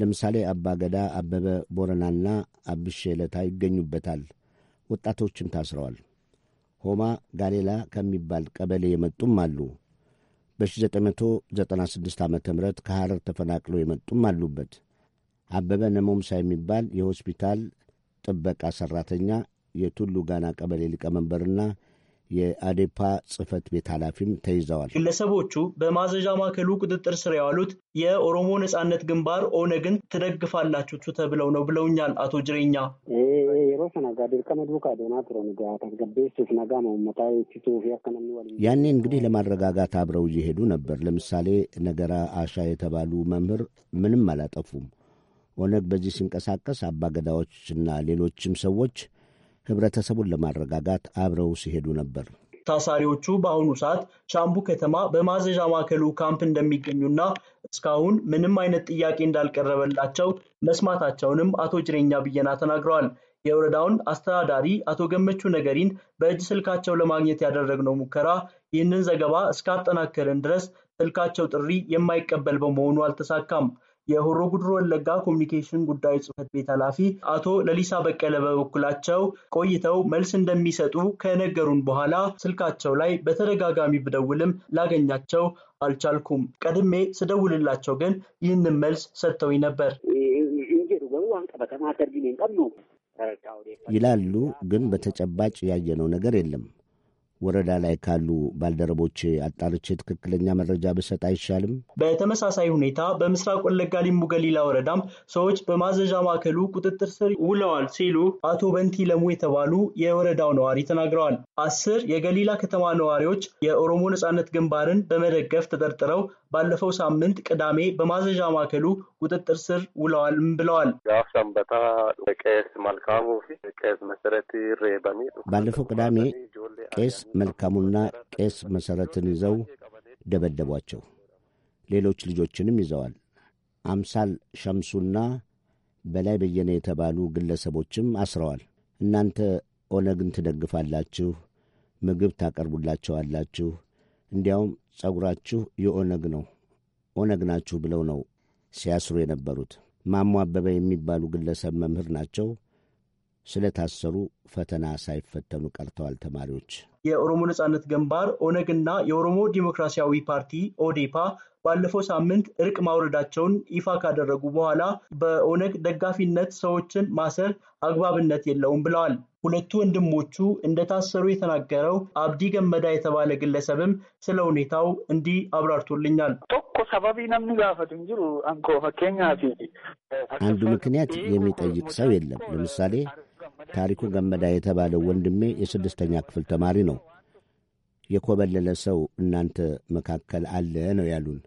ለምሳሌ አባገዳ አበበ ቦረናና አብሼ ለታ ይገኙበታል። ወጣቶችም ታስረዋል። ሆማ ጋሌላ ከሚባል ቀበሌ የመጡም አሉ። በ1996 ዓ ም ከሐረር ተፈናቅለው የመጡም አሉበት። አበበ ነሞምሳ የሚባል የሆስፒታል ጥበቃ ሠራተኛ የቱሉ ጋና ቀበሌ ሊቀመንበርና የአዴፓ ጽህፈት ቤት ኃላፊም ተይዘዋል። ግለሰቦቹ በማዘዣ ማዕከሉ ቁጥጥር ስር የዋሉት የኦሮሞ ነጻነት ግንባር ኦነግን ትደግፋላችሁ ተብለው ነው ብለውኛል አቶ ጅሬኛ። ያኔ እንግዲህ ለማረጋጋት አብረው እየሄዱ ነበር። ለምሳሌ ነገራ አሻ የተባሉ መምህር ምንም አላጠፉም። ኦነግ በዚህ ሲንቀሳቀስ አባገዳዎችና ሌሎችም ሰዎች ህብረተሰቡን ለማረጋጋት አብረው ሲሄዱ ነበር። ታሳሪዎቹ በአሁኑ ሰዓት ሻምቡ ከተማ በማዘዣ ማዕከሉ ካምፕ እንደሚገኙና እስካሁን ምንም አይነት ጥያቄ እንዳልቀረበላቸው መስማታቸውንም አቶ ጅሬኛ ብየና ተናግረዋል። የወረዳውን አስተዳዳሪ አቶ ገመቹ ነገሪን በእጅ ስልካቸው ለማግኘት ያደረግነው ሙከራ ይህንን ዘገባ እስካጠናከርን ድረስ ስልካቸው ጥሪ የማይቀበል በመሆኑ አልተሳካም። የሆሮ ጉድሮ ወለጋ ኮሚኒኬሽን ጉዳዮች ጽህፈት ቤት ኃላፊ አቶ ለሊሳ በቀለ በበኩላቸው ቆይተው መልስ እንደሚሰጡ ከነገሩን በኋላ ስልካቸው ላይ በተደጋጋሚ ብደውልም ላገኛቸው አልቻልኩም። ቀድሜ ስደውልላቸው ግን ይህንን መልስ ሰጥተው ነበር ይላሉ። ግን በተጨባጭ ያየነው ነገር የለም። ወረዳ ላይ ካሉ ባልደረቦች አጣርቼ ትክክለኛ መረጃ ብሰጥ አይሻልም? በተመሳሳይ ሁኔታ በምስራቅ ወለጋ ሊሙ ገሊላ ወረዳም ሰዎች በማዘዣ ማዕከሉ ቁጥጥር ስር ውለዋል ሲሉ አቶ በንቲ ለሙ የተባሉ የወረዳው ነዋሪ ተናግረዋል። አስር የገሊላ ከተማ ነዋሪዎች የኦሮሞ ነጻነት ግንባርን በመደገፍ ተጠርጥረው ባለፈው ሳምንት ቅዳሜ በማዘዣ ማዕከሉ ቁጥጥር ስር ውለዋልም ብለዋል። ባለፈው ቅዳሜ ቄስ መልካሙና ቄስ መሰረትን ይዘው ደበደቧቸው። ሌሎች ልጆችንም ይዘዋል። አምሳል ሸምሱና በላይ በየነ የተባሉ ግለሰቦችም አስረዋል። እናንተ ኦነግን ትደግፋላችሁ፣ ምግብ ታቀርቡላቸዋላችሁ፣ እንዲያውም ጸጉራችሁ የኦነግ ነው ኦነግ ናችሁ ብለው ነው ሲያስሩ የነበሩት። ማሞ አበበ የሚባሉ ግለሰብ መምህር ናቸው። ስለታሰሩ ፈተና ሳይፈተኑ ቀርተዋል ተማሪዎች። የኦሮሞ ነጻነት ግንባር ኦነግና የኦሮሞ ዲሞክራሲያዊ ፓርቲ ኦዴፓ ባለፈው ሳምንት እርቅ ማውረዳቸውን ይፋ ካደረጉ በኋላ በኦነግ ደጋፊነት ሰዎችን ማሰር አግባብነት የለውም ብለዋል። ሁለቱ ወንድሞቹ እንደታሰሩ የተናገረው አብዲ ገመዳ የተባለ ግለሰብም ስለ ሁኔታው እንዲህ አብራርቶልኛል። አንዱ ምክንያት የሚጠይቅ ሰው የለም። ለምሳሌ ታሪኩ ገመዳ የተባለው ወንድሜ የስድስተኛ ክፍል ተማሪ ነው። የኮበለለ ሰው እናንተ መካከል አለ ነው ያሉን።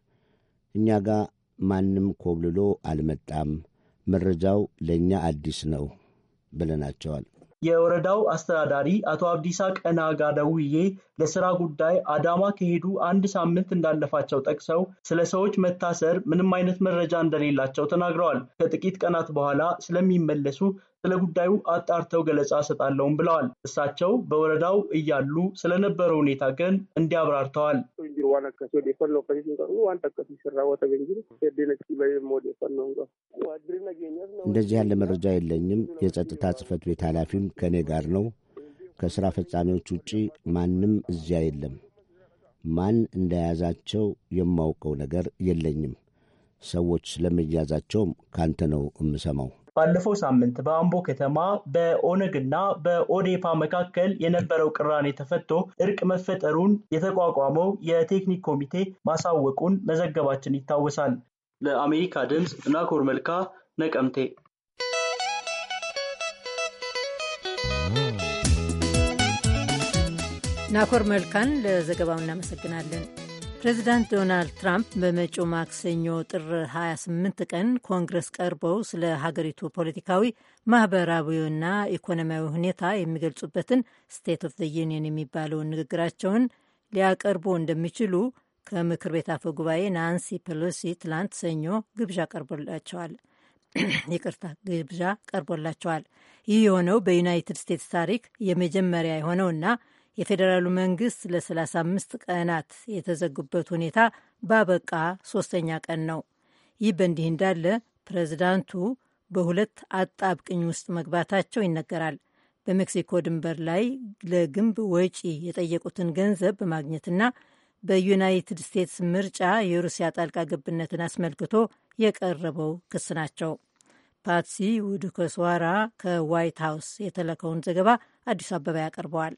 እኛ ጋ ማንም ኮብልሎ አልመጣም፣ መረጃው ለእኛ አዲስ ነው ብለናቸዋል። የወረዳው አስተዳዳሪ አቶ አብዲሳ ቀና ጋር ደውዬ ለስራ ጉዳይ አዳማ ከሄዱ አንድ ሳምንት እንዳለፋቸው ጠቅሰው ስለ ሰዎች መታሰር ምንም አይነት መረጃ እንደሌላቸው ተናግረዋል። ከጥቂት ቀናት በኋላ ስለሚመለሱ ስለ ጉዳዩ አጣርተው ገለጻ ሰጣለውም ብለዋል። እሳቸው በወረዳው እያሉ ስለነበረው ሁኔታ ግን እንዲያብራርተዋል። እንደዚህ ያለ መረጃ የለኝም። የጸጥታ ጽህፈት ቤት ኃላፊም ከእኔ ጋር ነው። ከሥራ ፈጻሚዎች ውጪ ማንም እዚያ የለም። ማን እንደያዛቸው የማውቀው ነገር የለኝም። ሰዎች ስለመያዛቸውም ካንተ ነው የምሰማው። ባለፈው ሳምንት በአምቦ ከተማ በኦነግ እና በኦዴፓ መካከል የነበረው ቅራኔ ተፈቶ እርቅ መፈጠሩን የተቋቋመው የቴክኒክ ኮሚቴ ማሳወቁን መዘገባችን ይታወሳል። ለአሜሪካ ድምፅ ናኮር መልካ ነቀምቴ። ናኮር መልካን ለዘገባው እናመሰግናለን። ፕሬዚዳንት ዶናልድ ትራምፕ በመጪው ማክሰኞ ጥር 28 ቀን ኮንግረስ ቀርበው ስለ ሀገሪቱ ፖለቲካዊ ማኅበራዊና ኢኮኖሚያዊ ሁኔታ የሚገልጹበትን ስቴት ኦፍ ዘ ዩኒየን የሚባለውን ንግግራቸውን ሊያቀርቡ እንደሚችሉ ከምክር ቤት አፈ ጉባኤ ናንሲ ፔሎሲ ትላንት ሰኞ ግብዣ ቀርቦላቸዋል። ይቅርታ ግብዣ ቀርቦላቸዋል። ይህ የሆነው በዩናይትድ ስቴትስ ታሪክ የመጀመሪያ የሆነውና የፌዴራሉ መንግስት ለ35 ቀናት የተዘጉበት ሁኔታ ባበቃ ሶስተኛ ቀን ነው። ይህ በእንዲህ እንዳለ ፕሬዝዳንቱ በሁለት አጣብቅኝ ውስጥ መግባታቸው ይነገራል። በሜክሲኮ ድንበር ላይ ለግንብ ወጪ የጠየቁትን ገንዘብ በማግኘትና በዩናይትድ ስቴትስ ምርጫ የሩሲያ ጣልቃ ገብነትን አስመልክቶ የቀረበው ክስ ናቸው። ፓትሲ ውድኮስዋራ ከዋይት ሀውስ የተለከውን ዘገባ አዲሱ አበባ ያቀርበዋል።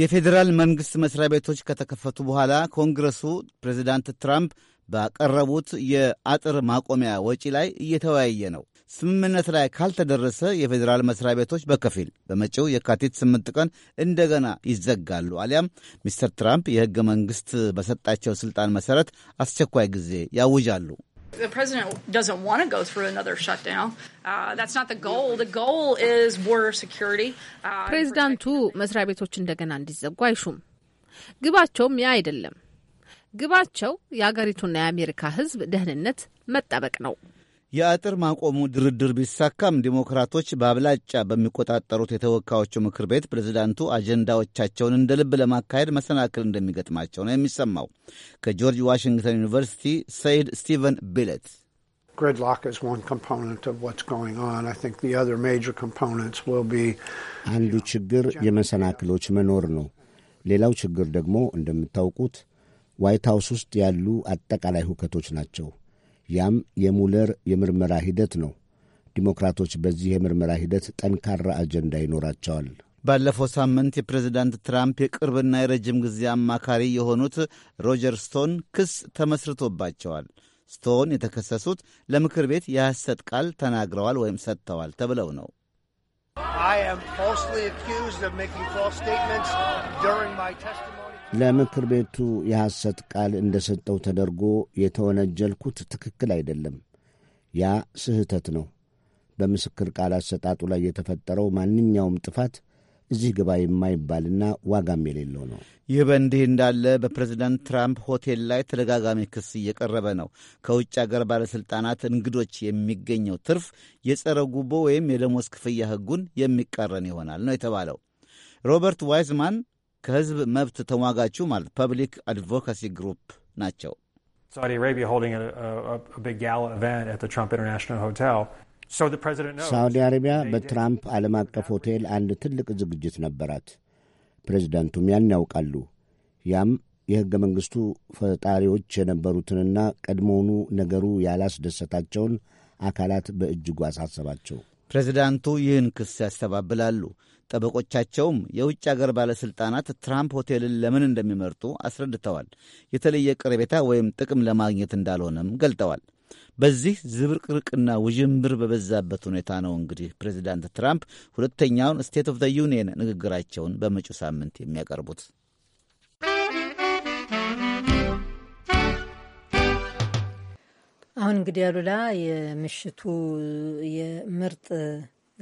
የፌዴራል መንግሥት መስሪያ ቤቶች ከተከፈቱ በኋላ ኮንግረሱ ፕሬዚዳንት ትራምፕ ባቀረቡት የአጥር ማቆሚያ ወጪ ላይ እየተወያየ ነው። ስምምነት ላይ ካልተደረሰ የፌዴራል መስሪያ ቤቶች በከፊል በመጪው የካቲት ስምንት ቀን እንደገና ይዘጋሉ አሊያም ሚስተር ትራምፕ የሕገ መንግሥት በሰጣቸው ሥልጣን መሠረት አስቸኳይ ጊዜ ያውጃሉ። The president doesn't want to go through another shutdown. Uh, uh, ፕሬዚዳንቱ መስሪያ ቤቶች እንደገና እንዲዘጉ አይሹም። ግባቸውም ያ አይደለም። ግባቸው የአገሪቱና የአሜሪካ ሕዝብ ደህንነት መጠበቅ ነው። የአጥር ማቆሙ ድርድር ቢሳካም ዲሞክራቶች በአብላጫ በሚቆጣጠሩት የተወካዮቹ ምክር ቤት ፕሬዚዳንቱ አጀንዳዎቻቸውን እንደ ልብ ለማካሄድ መሰናክል እንደሚገጥማቸው ነው የሚሰማው። ከጆርጅ ዋሽንግተን ዩኒቨርሲቲ ሰይድ ስቲቨን ቢለት አንዱ ችግር የመሰናክሎች መኖር ነው። ሌላው ችግር ደግሞ እንደምታውቁት ዋይት ሀውስ ውስጥ ያሉ አጠቃላይ ሁከቶች ናቸው። ያም የሙለር የምርመራ ሂደት ነው። ዲሞክራቶች በዚህ የምርመራ ሂደት ጠንካራ አጀንዳ ይኖራቸዋል። ባለፈው ሳምንት የፕሬዚዳንት ትራምፕ የቅርብና የረጅም ጊዜ አማካሪ የሆኑት ሮጀር ስቶን ክስ ተመስርቶባቸዋል። ስቶን የተከሰሱት ለምክር ቤት የሐሰት ቃል ተናግረዋል ወይም ሰጥተዋል ተብለው ነው። I am falsely accused of making false statements during my testimony. ለምክር ቤቱ የሐሰት ቃል ሰጠው ተደርጎ የተወነጀልኩት ትክክል አይደለም። ያ ስህተት ነው። በምስክር ቃል አሰጣጡ ላይ የተፈጠረው ማንኛውም ጥፋት እዚህ ግባ የማይባልና ዋጋም የሌለው ነው። ይህ በእንዲህ እንዳለ በፕሬዚዳንት ትራምፕ ሆቴል ላይ ተደጋጋሚ ክስ እየቀረበ ነው። ከውጭ አገር ባለሥልጣናት እንግዶች የሚገኘው ትርፍ የጸረ ጉቦ ወይም የደሞዝ ክፍያ ሕጉን የሚቃረን ይሆናል ነው የተባለው። ሮበርት ዋይዝማን ከህዝብ መብት ተሟጋቹ ማለት ፐብሊክ አድቮካሲ ግሩፕ ናቸው። ሳውዲ አረቢያ በትራምፕ ዓለም አቀፍ ሆቴል አንድ ትልቅ ዝግጅት ነበራት። ፕሬዚዳንቱም ያን ያውቃሉ። ያም የሕገ መንግሥቱ ፈጣሪዎች የነበሩትንና ቀድሞውኑ ነገሩ ያላስደሰታቸውን አካላት በእጅጉ አሳሰባቸው። ፕሬዚዳንቱ ይህን ክስ ያስተባብላሉ። ጠበቆቻቸውም የውጭ አገር ባለሥልጣናት ትራምፕ ሆቴልን ለምን እንደሚመርጡ አስረድተዋል። የተለየ ቅርቤታ ወይም ጥቅም ለማግኘት እንዳልሆነም ገልጠዋል። በዚህ ዝብርቅርቅና ውዥንብር በበዛበት ሁኔታ ነው እንግዲህ ፕሬዚዳንት ትራምፕ ሁለተኛውን ስቴት ኦፍ ዘ ዩኒየን ንግግራቸውን በመጪው ሳምንት የሚያቀርቡት። አሁን እንግዲህ አሉላ የምሽቱ የምርጥ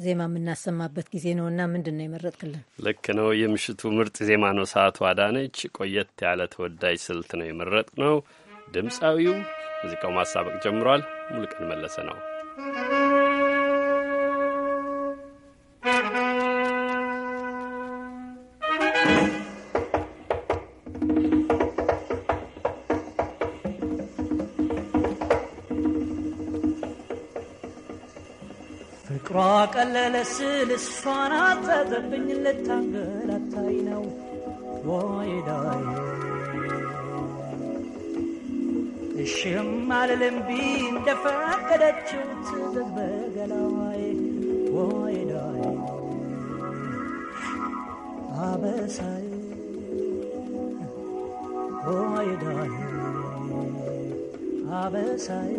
ዜማ የምናሰማበት ጊዜ ነው እና ምንድን ነው የመረጥክልን? ልክ ነው። የምሽቱ ምርጥ ዜማ ነው። ሰዓቱ አዳነች። ቆየት ያለ ተወዳጅ ስልት ነው የመረጥ ነው። ድምፃዊው ሙዚቃው ማሳበቅ ጀምሯል። ሙሉቀን መለሰ ነው። ፍቅሯ ቀለለ ስል እሷን አጸጸብኝ ልታንገላታይ ነው ወይዳይ እሽም አልልም ቢ እንደፈቀደችው በገላዋይ ወይዳይ አበሳይ ወይዳይ አበሳይ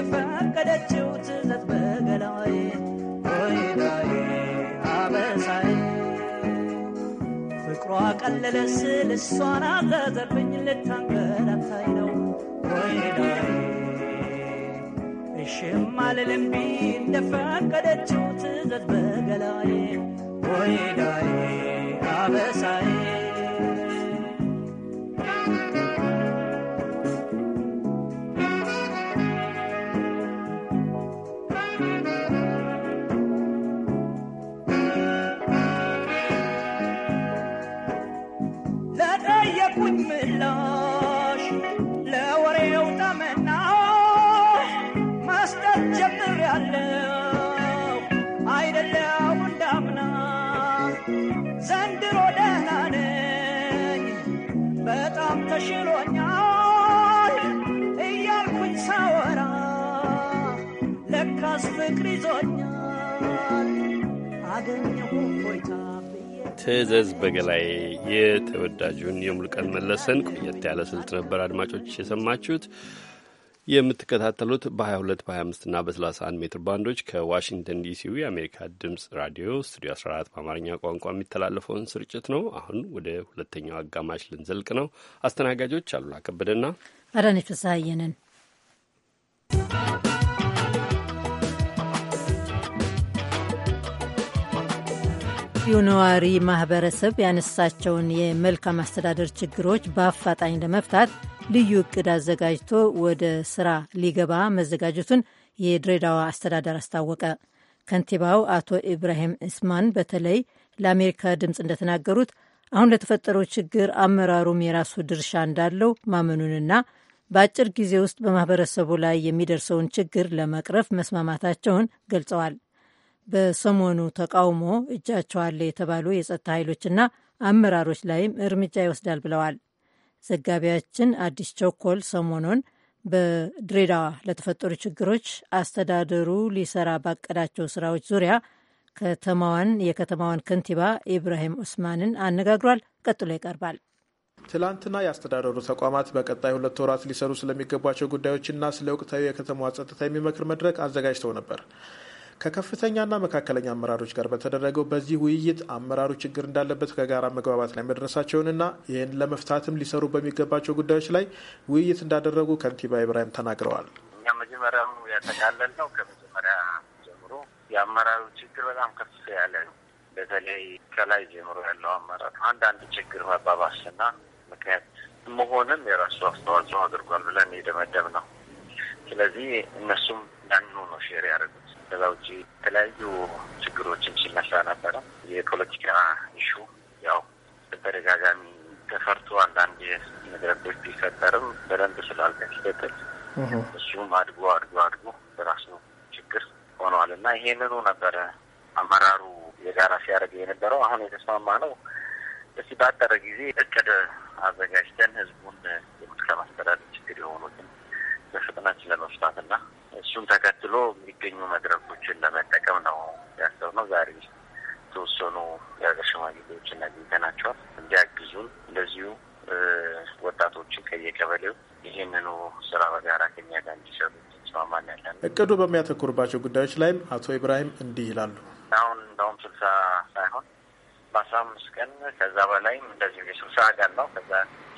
እንደፈቀደችው ትዘት በገላዬ ፍቅሯ ቀለለ ስል እሷን አዘዘብኝ ነው እሽም እንደፈቀደችው ትዕዘዝ በገላይ የተወዳጁን የሙሉቀን መለሰን ቆየት ያለ ስልት ነበር አድማጮች የሰማችሁት። የምትከታተሉት በ22 በ25 እና በ31 ሜትር ባንዶች ከዋሽንግተን ዲሲው የአሜሪካ ድምፅ ራዲዮ ስቱዲዮ 14 በአማርኛ ቋንቋ የሚተላለፈውን ስርጭት ነው። አሁን ወደ ሁለተኛው አጋማሽ ልንዘልቅ ነው። አስተናጋጆች አሉላ ከበደና አዳነች ፍስሀዬ ነን። የአካባቢው ነዋሪ ማህበረሰብ ያነሳቸውን የመልካም አስተዳደር ችግሮች በአፋጣኝ ለመፍታት ልዩ እቅድ አዘጋጅቶ ወደ ስራ ሊገባ መዘጋጀቱን የድሬዳዋ አስተዳደር አስታወቀ። ከንቲባው አቶ ኢብራሂም እስማን በተለይ ለአሜሪካ ድምፅ እንደተናገሩት አሁን ለተፈጠረው ችግር አመራሩም የራሱ ድርሻ እንዳለው ማመኑንና በአጭር ጊዜ ውስጥ በማህበረሰቡ ላይ የሚደርሰውን ችግር ለመቅረፍ መስማማታቸውን ገልጸዋል። በሰሞኑ ተቃውሞ እጃቸው አለ የተባሉ የጸጥታ ኃይሎችና አመራሮች ላይም እርምጃ ይወስዳል ብለዋል። ዘጋቢያችን አዲስ ቸኮል ሰሞኑን በድሬዳዋ ለተፈጠሩ ችግሮች አስተዳደሩ ሊሰራ ባቀዳቸው ስራዎች ዙሪያ ከተማዋን የከተማዋን ከንቲባ ኢብራሂም ኡስማንን አነጋግሯል። ቀጥሎ ይቀርባል። ትላንትና የአስተዳደሩ ተቋማት በቀጣይ ሁለት ወራት ሊሰሩ ስለሚገቧቸው ጉዳዮችና ስለ ወቅታዊ የከተማዋ ጸጥታ የሚመክር መድረክ አዘጋጅተው ነበር። ከከፍተኛና መካከለኛ አመራሮች ጋር በተደረገው በዚህ ውይይት አመራሩ ችግር እንዳለበት ከጋራ መግባባት ላይ መድረሳቸውንና ይህን ለመፍታትም ሊሰሩ በሚገባቸው ጉዳዮች ላይ ውይይት እንዳደረጉ ከንቲባ ኢብራሂም ተናግረዋል። እኛ መጀመሪያም ያጠቃለል ነው። ከመጀመሪያ ጀምሮ የአመራሩ ችግር በጣም ከፍ ያለ ነው። በተለይ ከላይ ጀምሮ ያለው አመራር አንዳንድ ችግር መባባስና ምክንያት መሆንም የራሱ አስተዋጽኦ አድርጓል ብለን የደመደብ ነው። ስለዚህ እነሱም ያንኑ ነው ሼር ያደርጉት ከዛ ውጭ የተለያዩ ችግሮችን ሲነሳ ነበረ። የፖለቲካ ኢሹ ያው በተደጋጋሚ ተፈርቶ አንዳንድ መድረኮች ቢፈጠርም በደንብ ስላልተከተል እሱም አድጎ አድጎ አድጎ በራሱ ችግር ሆነዋል እና ይሄንኑ ነበረ አመራሩ የጋራ ሲያደርግ የነበረው። አሁን የተስማማ ነው እስቲ ባጠረ ጊዜ እቅድ አዘጋጅተን ህዝቡን የምክረ ችግር የሆኑትን በፍጥነት ለመፍታትና እሱን ተከትሎ የሚገኙ መድረኮችን ለመጠቀም ነው ያሰብነው። ዛሬ የተወሰኑ የሀገር ሽማግሌዎችን አግኝተናቸዋል እንዲያግዙን እንደዚሁ ወጣቶችን ከየቀበሌው ይህንኑ ስራ በጋራ ከኛ ጋር እንዲሰሩ ተስማማን። ያለን እቅዱ በሚያተኩርባቸው ጉዳዮች ላይም አቶ ኢብራሂም እንዲህ ይላሉ። አሁን እንደውም ስልሳ ሳይሆን በአስራ አምስት ቀን ከዛ በላይም እንደዚሁ የስልሳ ቀን ነው ከዛ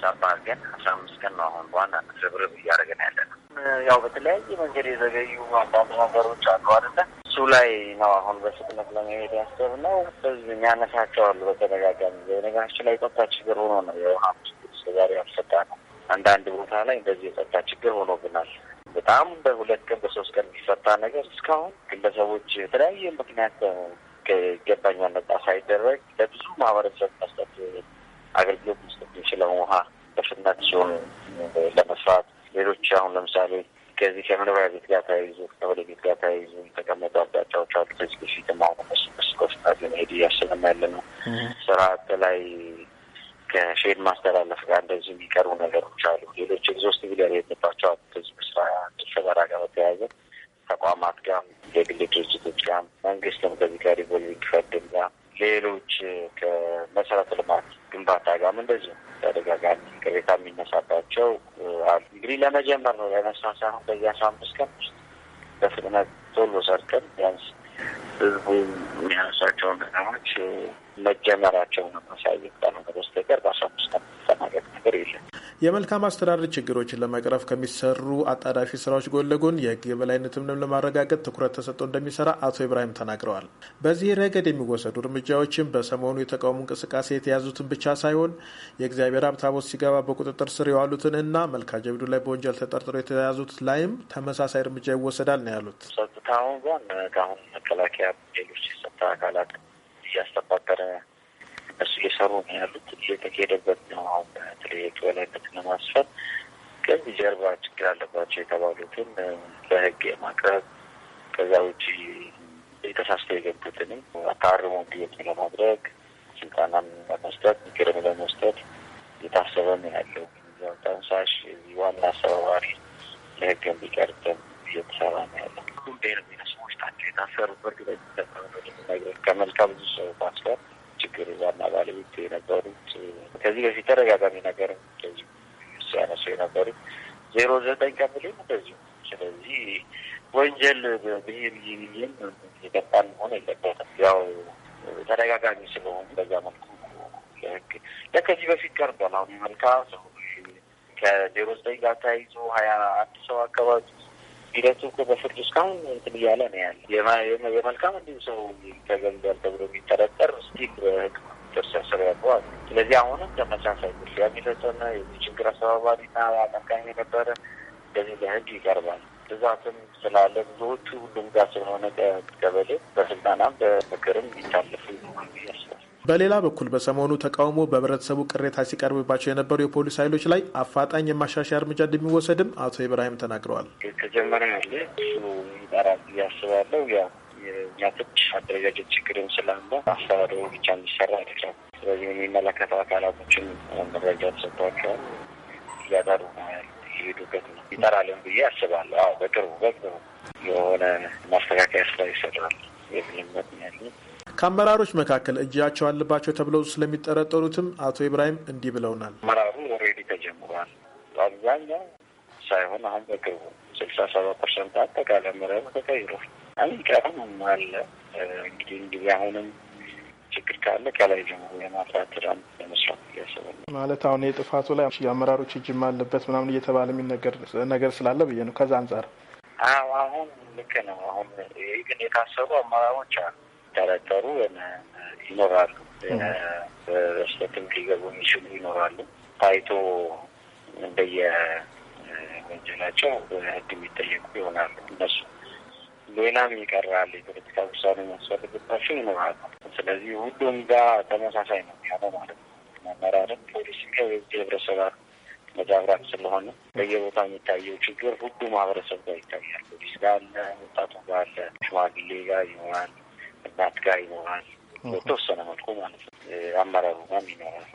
ጫባ አድርገን አስራ አምስት ቀን ነው አሁን በዋና ርብርብ እያደረገን ያለ ነው። ያው በተለያየ መንገድ የዘገዩ አንዳንድ ነገሮች አሉ አደለ? እሱ ላይ ነው አሁን በፍጥነት ለመሄድ ያስብ ነው። በዚህ የሚያነሳቸዋሉ በተደጋጋሚ በነገራችን ላይ የጸጥታ ችግር ሆኖ ነው የውሃ ዛሬ ያልሰጣ ነው። አንዳንድ ቦታ ላይ እንደዚህ የጸጥታ ችግር ሆኖብናል። በጣም በሁለት ቀን በሶስት ቀን የሚፈታ ነገር እስካሁን ግለሰቦች የተለያየ ምክንያት ገባኛ ነጻ ሳይደረግ ለብዙ ማህበረሰብ መስጠት አገልግሎት መስጠት የሚችለውን ውሃ በፍጥነት ሲሆን ለመስራት ሌሎች አሁን ለምሳሌ ከዚህ ከመኖሪያ ቤት ጋር ተያይዞ ከወደ ቤት ጋር ተያይዞ የተቀመጡ አቅጣጫዎች አሉ። ከዚህ በፊት ማሆኑ መስ በፍጥነት ለመሄድ ያለ ነው። ስርዓት ላይ ከሼድ ማስተላለፍ ጋር እንደዚህ የሚቀርቡ ነገሮች አሉ። ሌሎች ኤግዞስቲቭ ሊያር የሄድንባቸው ከዚህ በስራ ትፈበራ ጋር በተያያዘ ተቋማት ጋር የግል ድርጅቶች ጋር መንግስትም ከዚህ ጋር ሪቮልቪንግ ፈንድ ጋር ሌሎች ከመሰረተ ልማት ግንባታ ጋም እንደዚሁ ተደጋጋሚ ቅሬታ የሚነሳባቸው አሉ። እንግዲህ ለመጀመር ነው ለመስራት ሳይሆን በዚህ አስራ አምስት ቀን ውስጥ በፍጥነት ቶሎ ሰርተን ቢያንስ ህዝቡ የሚያነሳቸውን ነገሮች መጀመራቸውን ማሳየት ካልሆነ በስተቀር በአስራ አምስት ቀን ተናገር ነገር የለም። የመልካም አስተዳደር ችግሮችን ለመቅረፍ ከሚሰሩ አጣዳፊ ስራዎች ጎን ለጎን የህግ የበላይነትንም ለማረጋገጥ ትኩረት ተሰጥቶ እንደሚሰራ አቶ ኢብራሂም ተናግረዋል። በዚህ ረገድ የሚወሰዱ እርምጃዎችን በሰሞኑ የተቃውሞ እንቅስቃሴ የተያዙትን ብቻ ሳይሆን የእግዚአብሔር ሀብታቦት ሲገባ በቁጥጥር ስር የዋሉትን እና መልካ ጀብዱ ላይ በወንጀል ተጠርጥሮ የተያዙት ላይም ተመሳሳይ እርምጃ ይወሰዳል ነው ያሉት። ጸጥታውን ጎን ከአሁን መከላከያ ሌሎች የጸጥታ አካላት እያስተባበረ እነሱ እየሰሩ ነው ያሉት፣ እየተሄደበት ነው። አሁን በተለይ የበላይነትን ለማስፈን ከዚህ ጀርባ ችግር አለባቸው የተባሉትን በህግ የማቅረብ ከዛ ውጭ የተሳስተው የገቡትንም አታርሞ እንዲወጡ ለማድረግ ስልጠናም ለመስጠት ምክርም ለመስጠት የታሰበ ነው ያለው። ጠንሳሽ ዋና አስተባባሪ ለህግ እንዲቀርብም እየተሰራ ነው ያለው። ሁሉ ሰዎች ናቸው የታሰሩ በእርግጠኝነት ከመልካም ብዙ ሰው ማስፈር ችግር ዋና ባለቤት የነበሩት ከዚህ በፊት ተደጋጋሚ ነገር እንደዚሁ ሲያነሱ የነበሩት ዜሮ ዘጠኝ ቀበሌም እንደዚሁ። ስለዚህ ወንጀል ብሄር ይይም የቀጣል መሆን የለበትም። ያው ተደጋጋሚ ስለሆኑ በዛ መልኩ ለህግ ለከዚህ በፊት ቀርቧል። አሁን መልካ ሰው ከዜሮ ዘጠኝ ጋር ተያይዞ ሀያ አንድ ሰው አካባቢ ሂደቱ እኮ በፍርድ እስካሁን እንትን እያለ ነው ያለ። የመልካም እንዲሁ ሰው ተገንዟል ተብሎ የሚጠረጠር እስቲ በህግ ቁጥጥር ስር ስር ያሉ ስለዚህ አሁንም ተመሳሳይ ጉዳይ የሚፈጸመ የችግር ችግር አስተባባሪና አቀንቃኝ የነበረ እንደዚህ ለህግ ይቀርባል። ብዛትም ስላለ ብዙዎቹ ሁሉም ጋር ስለሆነ ቀበሌ በስልጠናም በምክርም ይታለፉ ይሆናል ብዬ በሌላ በኩል በሰሞኑ ተቃውሞ በህብረተሰቡ ቅሬታ ሲቀርብባቸው የነበሩ የፖሊስ ኃይሎች ላይ አፋጣኝ የማሻሻያ እርምጃ እንደሚወሰድም አቶ ኢብራሂም ተናግረዋል። የተጀመረ ያለ እሱ ይጠራል ያስባለው ያው የኛቶች አደረጃጀት ችግርም ስላለ አስተዳደሩ ብቻ እንዲሰራ አይደለም። ስለዚህ የሚመለከተው አካላቶችን መረጃ ተሰጥቷቸዋል እያጠሩ ያለ ሄዱበት ነው ይጠራልን ብዬ አስባለሁ። አዎ በቅርቡ በቅርቡ የሆነ ማስተካከያ ስራ ይሰራል የምንመት ያለ ከአመራሮች መካከል እጃቸው አለባቸው ተብለው ስለሚጠረጠሩትም አቶ ኢብራሂም እንዲህ ብለውናል። አመራሩ ኦልሬዲ ተጀምሯል። አብዛኛው ሳይሆን አሁን በቅርቡ ስልሳ ሰባ ፐርሰንት አጠቃላይ አመራሩ ተቀይሯል። አንቀርም አለ እንግዲህ እንግዲህ አሁንም ችግር ካለ ከላይ ጀምሮ የማፍራት ራም ለመስራት እያሰበ ማለት አሁን የጥፋቱ ላይ የአመራሮች እጅም አለበት ምናምን እየተባለ የሚነገር ነገር ስላለ ብዬ ነው። ከዛ አንጻር አሁን ልክ ነው። አሁን ይህ ግን የታሰሩ አመራሮች አሉ የሚጠረጠሩ ይኖራሉ። በስተትም ሊገቡ የሚችሉ ይኖራሉ። ታይቶ እንደየ ወንጀላቸው ህግ የሚጠየቁ ይሆናሉ። እነሱ ሌላም ይቀራል። የፖለቲካ ውሳኔ የሚያስፈልግባቸው ይኖራሉ። ስለዚህ ሁሉም ጋር ተመሳሳይ ነው ያለ ማለት ነው። መመራረት ፖሊሲ ከዚህ ህብረተሰብ መዛብራት ስለሆነ በየቦታ የሚታየው ችግር ሁሉ ማህበረሰብ ጋር ይታያል። ፖሊስ ጋር አለ፣ ወጣቱ ጋር አለ፣ ሽማግሌ ጋር ይሆናል። እናት ጋር ይኖራል በተወሰነ መልኩ ማለት ነው። አመራሩ ጋም ይኖራል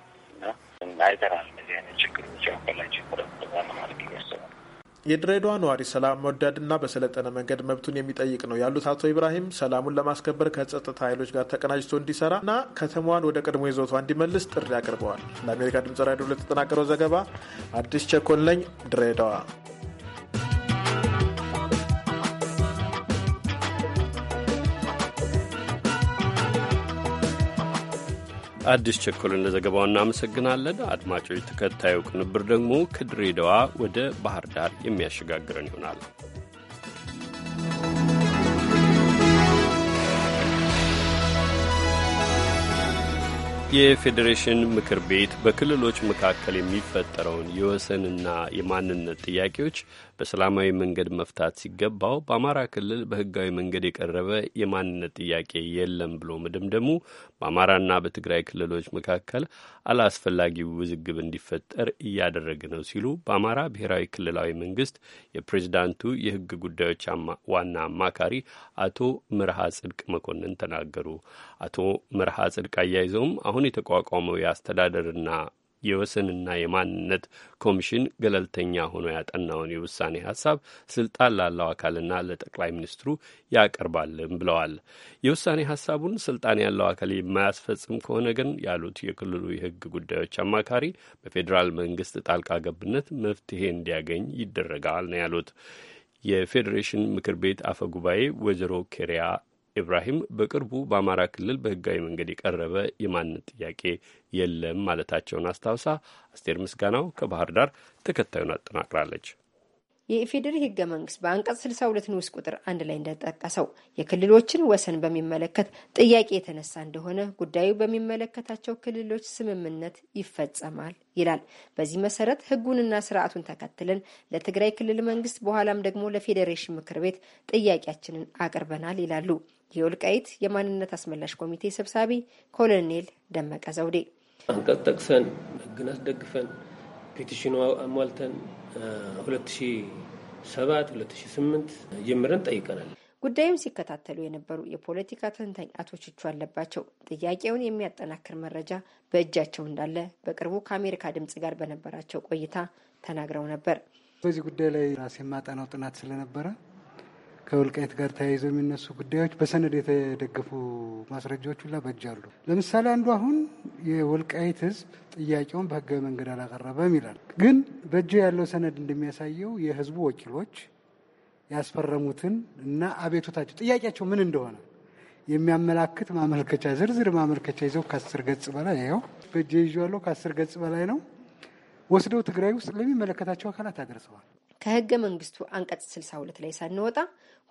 እና አይተናል እነዚህ አይነት ችግሮች ያፈላቸው ይቆረቁዛል ማለት ይወሰናል። የድሬዳዋ ነዋሪ ሰላም ወዳድና በሰለጠነ መንገድ መብቱን የሚጠይቅ ነው ያሉት አቶ ኢብራሂም ሰላሙን ለማስከበር ከጸጥታ ኃይሎች ጋር ተቀናጅቶ እንዲሰራ እና ከተማዋን ወደ ቀድሞ ይዞቷ እንዲመልስ ጥሪ አቅርበዋል። ለአሜሪካ ድምጽ ራዲዮ ለተጠናቀረው ዘገባ አዲስ ቸኮል ነኝ ድሬዳዋ። አዲስ ቸኮልን ለዘገባው እናመሰግናለን። አድማጮች፣ ተከታዩ ቅንብር ደግሞ ከድሬዳዋ ወደ ባህር ዳር የሚያሸጋግረን ይሆናል። የፌዴሬሽን ምክር ቤት በክልሎች መካከል የሚፈጠረውን የወሰንና የማንነት ጥያቄዎች በሰላማዊ መንገድ መፍታት ሲገባው በአማራ ክልል በህጋዊ መንገድ የቀረበ የማንነት ጥያቄ የለም ብሎ መደምደሙ በአማራና በትግራይ ክልሎች መካከል አላስፈላጊ ውዝግብ እንዲፈጠር እያደረገ ነው ሲሉ በአማራ ብሔራዊ ክልላዊ መንግስት የፕሬዚዳንቱ የህግ ጉዳዮች ዋና አማካሪ አቶ ምርሃ ጽድቅ መኮንን ተናገሩ። አቶ ምርሃ ጽድቅ አያይዘውም አሁን የተቋቋመው የአስተዳደርና የወሰንና የማንነት ኮሚሽን ገለልተኛ ሆኖ ያጠናውን የውሳኔ ሀሳብ ስልጣን ላለው አካልና ለጠቅላይ ሚኒስትሩ ያቀርባልም ብለዋል። የውሳኔ ሀሳቡን ስልጣን ያለው አካል የማያስፈጽም ከሆነ ግን ያሉት የክልሉ የሕግ ጉዳዮች አማካሪ በፌዴራል መንግስት ጣልቃ ገብነት መፍትሄ እንዲያገኝ ይደረጋል ነው ያሉት። የፌዴሬሽን ምክር ቤት አፈ ጉባኤ ወይዘሮ ኬሪያ ኢብራሂም በቅርቡ በአማራ ክልል በህጋዊ መንገድ የቀረበ የማንነት ጥያቄ የለም ማለታቸውን አስታውሳ አስቴር ምስጋናው ከባህር ዳር ተከታዩን አጠናቅራለች። የኢፌዴሪ ህገ መንግስት በአንቀጽ 62 ንዑስ ቁጥር አንድ ላይ እንደጠቀሰው የክልሎችን ወሰን በሚመለከት ጥያቄ የተነሳ እንደሆነ ጉዳዩ በሚመለከታቸው ክልሎች ስምምነት ይፈጸማል ይላል። በዚህ መሰረት ህጉንና ስርዓቱን ተከትለን ለትግራይ ክልል መንግስት በኋላም ደግሞ ለፌዴሬሽን ምክር ቤት ጥያቄያችንን አቅርበናል ይላሉ። የወልቃይት የማንነት አስመላሽ ኮሚቴ ሰብሳቢ ኮሎኔል ደመቀ ዘውዴ አንቀጽ ጠቅሰን ህግን አስደግፈን ፔቲሽኑ አሟልተን 2007 2008 ጀምረን ጠይቀናል። ጉዳዩን ሲከታተሉ የነበሩ የፖለቲካ ተንታኝ አቶ ችቹ አለባቸው ጥያቄውን የሚያጠናክር መረጃ በእጃቸው እንዳለ በቅርቡ ከአሜሪካ ድምጽ ጋር በነበራቸው ቆይታ ተናግረው ነበር። በዚህ ጉዳይ ላይ ራሴ የማጠናው ጥናት ስለነበረ ከወልቃይት ጋር ተያይዘው የሚነሱ ጉዳዮች በሰነድ የተደገፉ ማስረጃዎች ሁላ በእጅ አሉ። ለምሳሌ አንዱ አሁን የወልቃይት ህዝብ ጥያቄውን በህጋዊ መንገድ አላቀረበም ይላል። ግን በእጅ ያለው ሰነድ እንደሚያሳየው የህዝቡ ወኪሎች ያስፈረሙትን እና አቤቱታቸው ጥያቄያቸው ምን እንደሆነ የሚያመላክት ማመልከቻ ዝርዝር ማመልከቻ ይዘው ከአስር ገጽ በላይ ያው በእጅ ይዤዋለሁ ከአስር ገጽ በላይ ነው ወስደው ትግራይ ውስጥ ለሚመለከታቸው አካላት አድርሰዋል። ከህገ መንግስቱ አንቀጽ 62 ላይ ሳንወጣ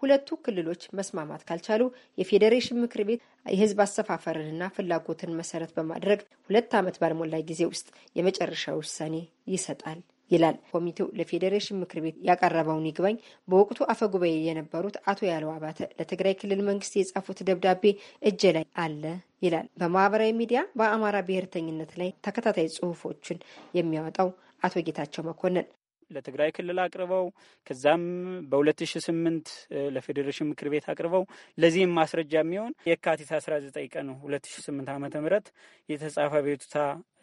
ሁለቱ ክልሎች መስማማት ካልቻሉ የፌዴሬሽን ምክር ቤት የህዝብ አሰፋፈርንና ፍላጎትን መሰረት በማድረግ ሁለት ዓመት ባልሞላ ጊዜ ውስጥ የመጨረሻ ውሳኔ ይሰጣል ይላል። ኮሚቴው ለፌዴሬሽን ምክር ቤት ያቀረበውን ይግባኝ በወቅቱ አፈ ጉባኤ የነበሩት አቶ ያለው አባተ ለትግራይ ክልል መንግስት የጻፉት ደብዳቤ እጀ ላይ አለ ይላል። በማህበራዊ ሚዲያ በአማራ ብሔርተኝነት ላይ ተከታታይ ጽሁፎችን የሚያወጣው አቶ ጌታቸው መኮንን ለትግራይ ክልል አቅርበው ከዛም በ2008 ለፌዴሬሽን ምክር ቤት አቅርበው ለዚህም ማስረጃ የሚሆን የካቲት 19 ቀን 2008 ዓ ም የተጻፈ ቤቱታ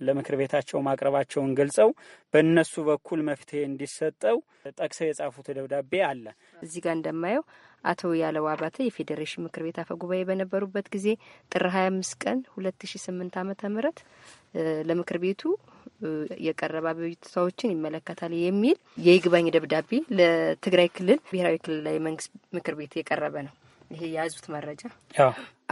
ለምክር ቤታቸው ማቅረባቸውን ገልጸው በእነሱ በኩል መፍትሄ እንዲሰጠው ጠቅሰው የጻፉት ደብዳቤ አለ። እዚህ ጋር እንደማየው አቶ ያለው አባተ የፌዴሬሽን ምክር ቤት አፈ ጉባኤ በነበሩበት ጊዜ ጥር 25 ቀን 2008 ዓ ም ለምክር ቤቱ የቀረበ አቤቱታዎችን ይመለከታል የሚል የይግባኝ ደብዳቤ ለትግራይ ክልል ብሔራዊ ክልላዊ መንግስት ምክር ቤት የቀረበ ነው። ይሄ የያዙት መረጃ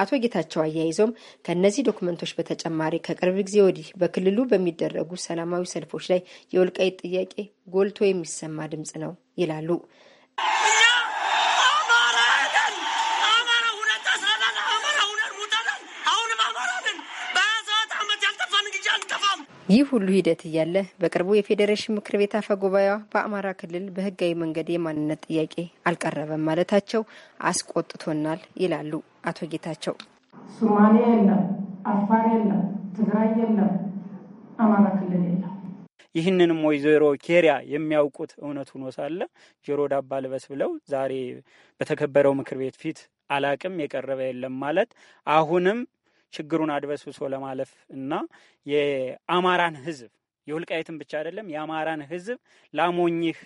አቶ ጌታቸው አያይዘውም ከእነዚህ ዶክመንቶች በተጨማሪ ከቅርብ ጊዜ ወዲህ በክልሉ በሚደረጉ ሰላማዊ ሰልፎች ላይ የወልቃይት ጥያቄ ጎልቶ የሚሰማ ድምጽ ነው ይላሉ። ይህ ሁሉ ሂደት እያለ በቅርቡ የፌዴሬሽን ምክር ቤት አፈ ጉባኤዋ በአማራ ክልል በህጋዊ መንገድ የማንነት ጥያቄ አልቀረበም ማለታቸው አስቆጥቶናል ይላሉ አቶ ጌታቸው። ሶማሌ የለም፣ አፋር የለም፣ ትግራይ የለም፣ አማራ ክልል የለም። ይህንንም ወይዘሮ ኬሪያ የሚያውቁት እውነት ሆኖ ሳለ ጆሮ ዳባ ልበስ ብለው ዛሬ በተከበረው ምክር ቤት ፊት አላቅም የቀረበ የለም ማለት አሁንም ችግሩን አድበስብሶ ለማለፍ እና የአማራን ህዝብ የወልቃይትን ብቻ አይደለም የአማራን ህዝብ ላሞኝህ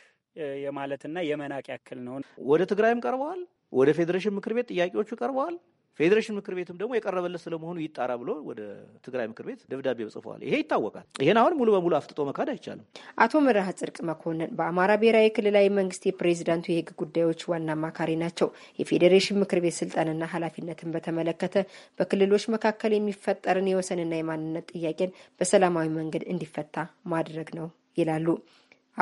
የማለትና የመናቅ ያክል ነው። ወደ ትግራይም ቀርበዋል። ወደ ፌዴሬሽን ምክር ቤት ጥያቄዎቹ ቀርበዋል። ፌዴሬሽን ምክር ቤትም ደግሞ የቀረበለት ስለመሆኑ ይጣራ ብሎ ወደ ትግራይ ምክር ቤት ደብዳቤ ጽፈዋል። ይሄ ይታወቃል። ይሄን አሁን ሙሉ በሙሉ አፍጥጦ መካድ አይቻልም። አቶ መርሃ ጽድቅ መኮንን በአማራ ብሔራዊ ክልላዊ መንግስት የፕሬዚዳንቱ የህግ ጉዳዮች ዋና አማካሪ ናቸው። የፌዴሬሽን ምክር ቤት ስልጣንና ኃላፊነትን በተመለከተ በክልሎች መካከል የሚፈጠርን የወሰንና የማንነት ጥያቄን በሰላማዊ መንገድ እንዲፈታ ማድረግ ነው ይላሉ።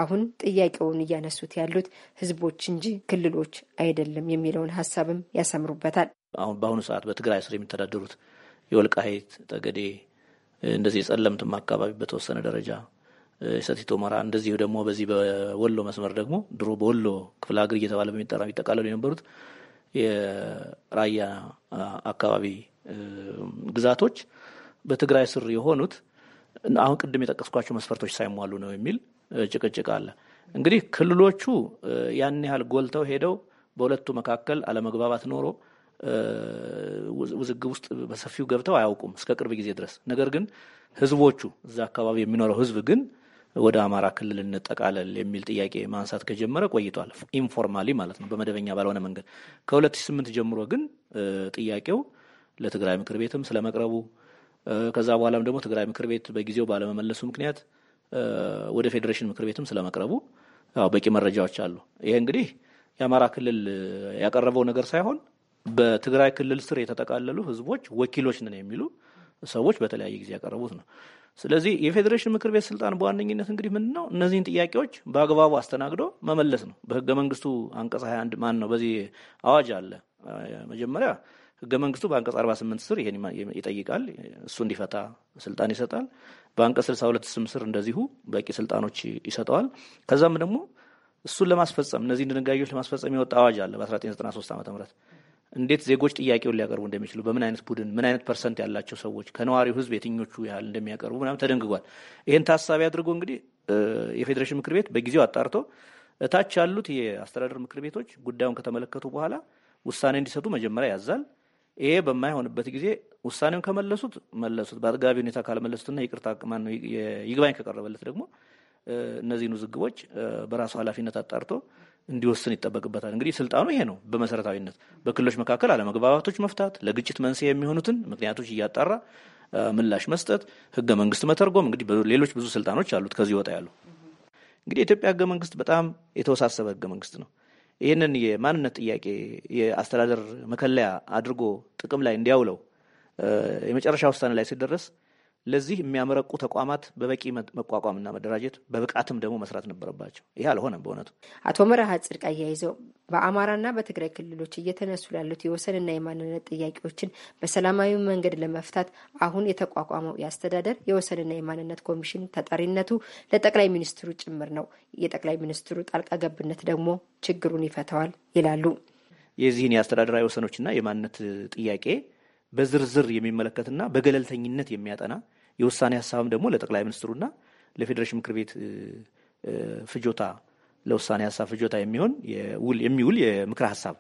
አሁን ጥያቄውን እያነሱት ያሉት ህዝቦች እንጂ ክልሎች አይደለም የሚለውን ሀሳብም ያሰምሩበታል። አሁን በአሁኑ ሰዓት በትግራይ ስር የሚተዳደሩት የወልቃይት ጠገዴ፣ እንደዚህ የጸለምትም አካባቢ በተወሰነ ደረጃ የሰቲት ሁመራ፣ እንደዚሁ ደግሞ በዚህ በወሎ መስመር ደግሞ ድሮ በወሎ ክፍለ ሀገር እየተባለ በሚጠራ የሚጠቃለሉ የነበሩት የራያ አካባቢ ግዛቶች በትግራይ ስር የሆኑት አሁን ቅድም የጠቀስኳቸው መስፈርቶች ሳይሟሉ ነው የሚል ጭቅጭቅ አለ። እንግዲህ ክልሎቹ ያን ያህል ጎልተው ሄደው በሁለቱ መካከል አለመግባባት ኖሮ ውዝግብ ውስጥ በሰፊው ገብተው አያውቁም እስከ ቅርብ ጊዜ ድረስ። ነገር ግን ህዝቦቹ እዛ አካባቢ የሚኖረው ህዝብ ግን ወደ አማራ ክልል እንጠቃለል የሚል ጥያቄ ማንሳት ከጀመረ ቆይቷል። ኢንፎርማሊ ማለት ነው፣ በመደበኛ ባልሆነ መንገድ ከ2008 ጀምሮ ግን ጥያቄው ለትግራይ ምክር ቤትም ስለመቅረቡ ከዛ በኋላም ደግሞ ትግራይ ምክር ቤት በጊዜው ባለመመለሱ ምክንያት ወደ ፌዴሬሽን ምክር ቤትም ስለመቅረቡ በቂ መረጃዎች አሉ። ይሄ እንግዲህ የአማራ ክልል ያቀረበው ነገር ሳይሆን በትግራይ ክልል ስር የተጠቃለሉ ህዝቦች ወኪሎች ነን የሚሉ ሰዎች በተለያየ ጊዜ ያቀረቡት ነው። ስለዚህ የፌዴሬሽን ምክር ቤት ስልጣን በዋነኝነት እንግዲህ ምንድን ነው እነዚህን ጥያቄዎች በአግባቡ አስተናግዶ መመለስ ነው። በህገ መንግስቱ አንቀጽ 21 ማን ነው በዚህ አዋጅ አለ መጀመሪያ ህገ መንግስቱ በአንቀጽ 48 ስር ይሄን ይጠይቃል። እሱ እንዲፈታ ስልጣን ይሰጣል። በአንቀጽ 62 ስም ስር እንደዚሁ በቂ ስልጣኖች ይሰጠዋል። ከዛም ደግሞ እሱን ለማስፈጸም እነዚህን ድንጋጌዎች ለማስፈጸም የወጣ አዋጅ አለ በ1993 ዓ ም እንዴት ዜጎች ጥያቄውን ሊያቀርቡ እንደሚችሉ በምን አይነት ቡድን ምን አይነት ፐርሰንት ያላቸው ሰዎች ከነዋሪው ህዝብ የትኞቹ ያህል እንደሚያቀርቡ ምናምን ተደንግጓል። ይህን ታሳቢ አድርጎ እንግዲህ የፌዴሬሽን ምክር ቤት በጊዜው አጣርቶ እታች ያሉት የአስተዳደር ምክር ቤቶች ጉዳዩን ከተመለከቱ በኋላ ውሳኔ እንዲሰጡ መጀመሪያ ያዛል። ይሄ በማይሆንበት ጊዜ ውሳኔውን ከመለሱት መለሱት፣ በአጥጋቢ ሁኔታ ካለመለሱትና ይቅርታ ማነው ይግባኝ ከቀረበለት ደግሞ እነዚህን ውዝግቦች በራሱ ኃላፊነት አጣርቶ እንዲወስን ይጠበቅበታል። እንግዲህ ስልጣኑ ይሄ ነው። በመሰረታዊነት በክልሎች መካከል አለመግባባቶች መፍታት፣ ለግጭት መንስኤ የሚሆኑትን ምክንያቶች እያጣራ ምላሽ መስጠት፣ ህገ መንግስት መተርጎም፣ እንግዲህ ሌሎች ብዙ ስልጣኖች አሉት ከዚህ ወጣ ያሉ። እንግዲህ የኢትዮጵያ ህገ መንግስት በጣም የተወሳሰበ ህገ መንግስት ነው። ይህንን የማንነት ጥያቄ የአስተዳደር መከለያ አድርጎ ጥቅም ላይ እንዲያውለው የመጨረሻ ውሳኔ ላይ ሲደረስ ለዚህ የሚያመረቁ ተቋማት በበቂ መቋቋምና መደራጀት በብቃትም ደግሞ መስራት ነበረባቸው። ይህ አልሆነም። በእውነቱ አቶ መርሃ ጽድቅ አያይዘው በአማራና በትግራይ ክልሎች እየተነሱ ላሉት የወሰንና የማንነት ጥያቄዎችን በሰላማዊ መንገድ ለመፍታት አሁን የተቋቋመው የአስተዳደር የወሰንና የማንነት ኮሚሽን ተጠሪነቱ ለጠቅላይ ሚኒስትሩ ጭምር ነው። የጠቅላይ ሚኒስትሩ ጣልቃ ገብነት ደግሞ ችግሩን ይፈተዋል ይላሉ። የዚህን የአስተዳደራዊ ወሰኖችና የማንነት ጥያቄ በዝርዝር የሚመለከትና በገለልተኝነት የሚያጠና የውሳኔ ሀሳብም ደግሞ ለጠቅላይ ሚኒስትሩና ለፌዴሬሽን ምክር ቤት ፍጆታ ለውሳኔ ሀሳብ ፍጆታ የሚሆን የሚውል የምክር ሀሳብ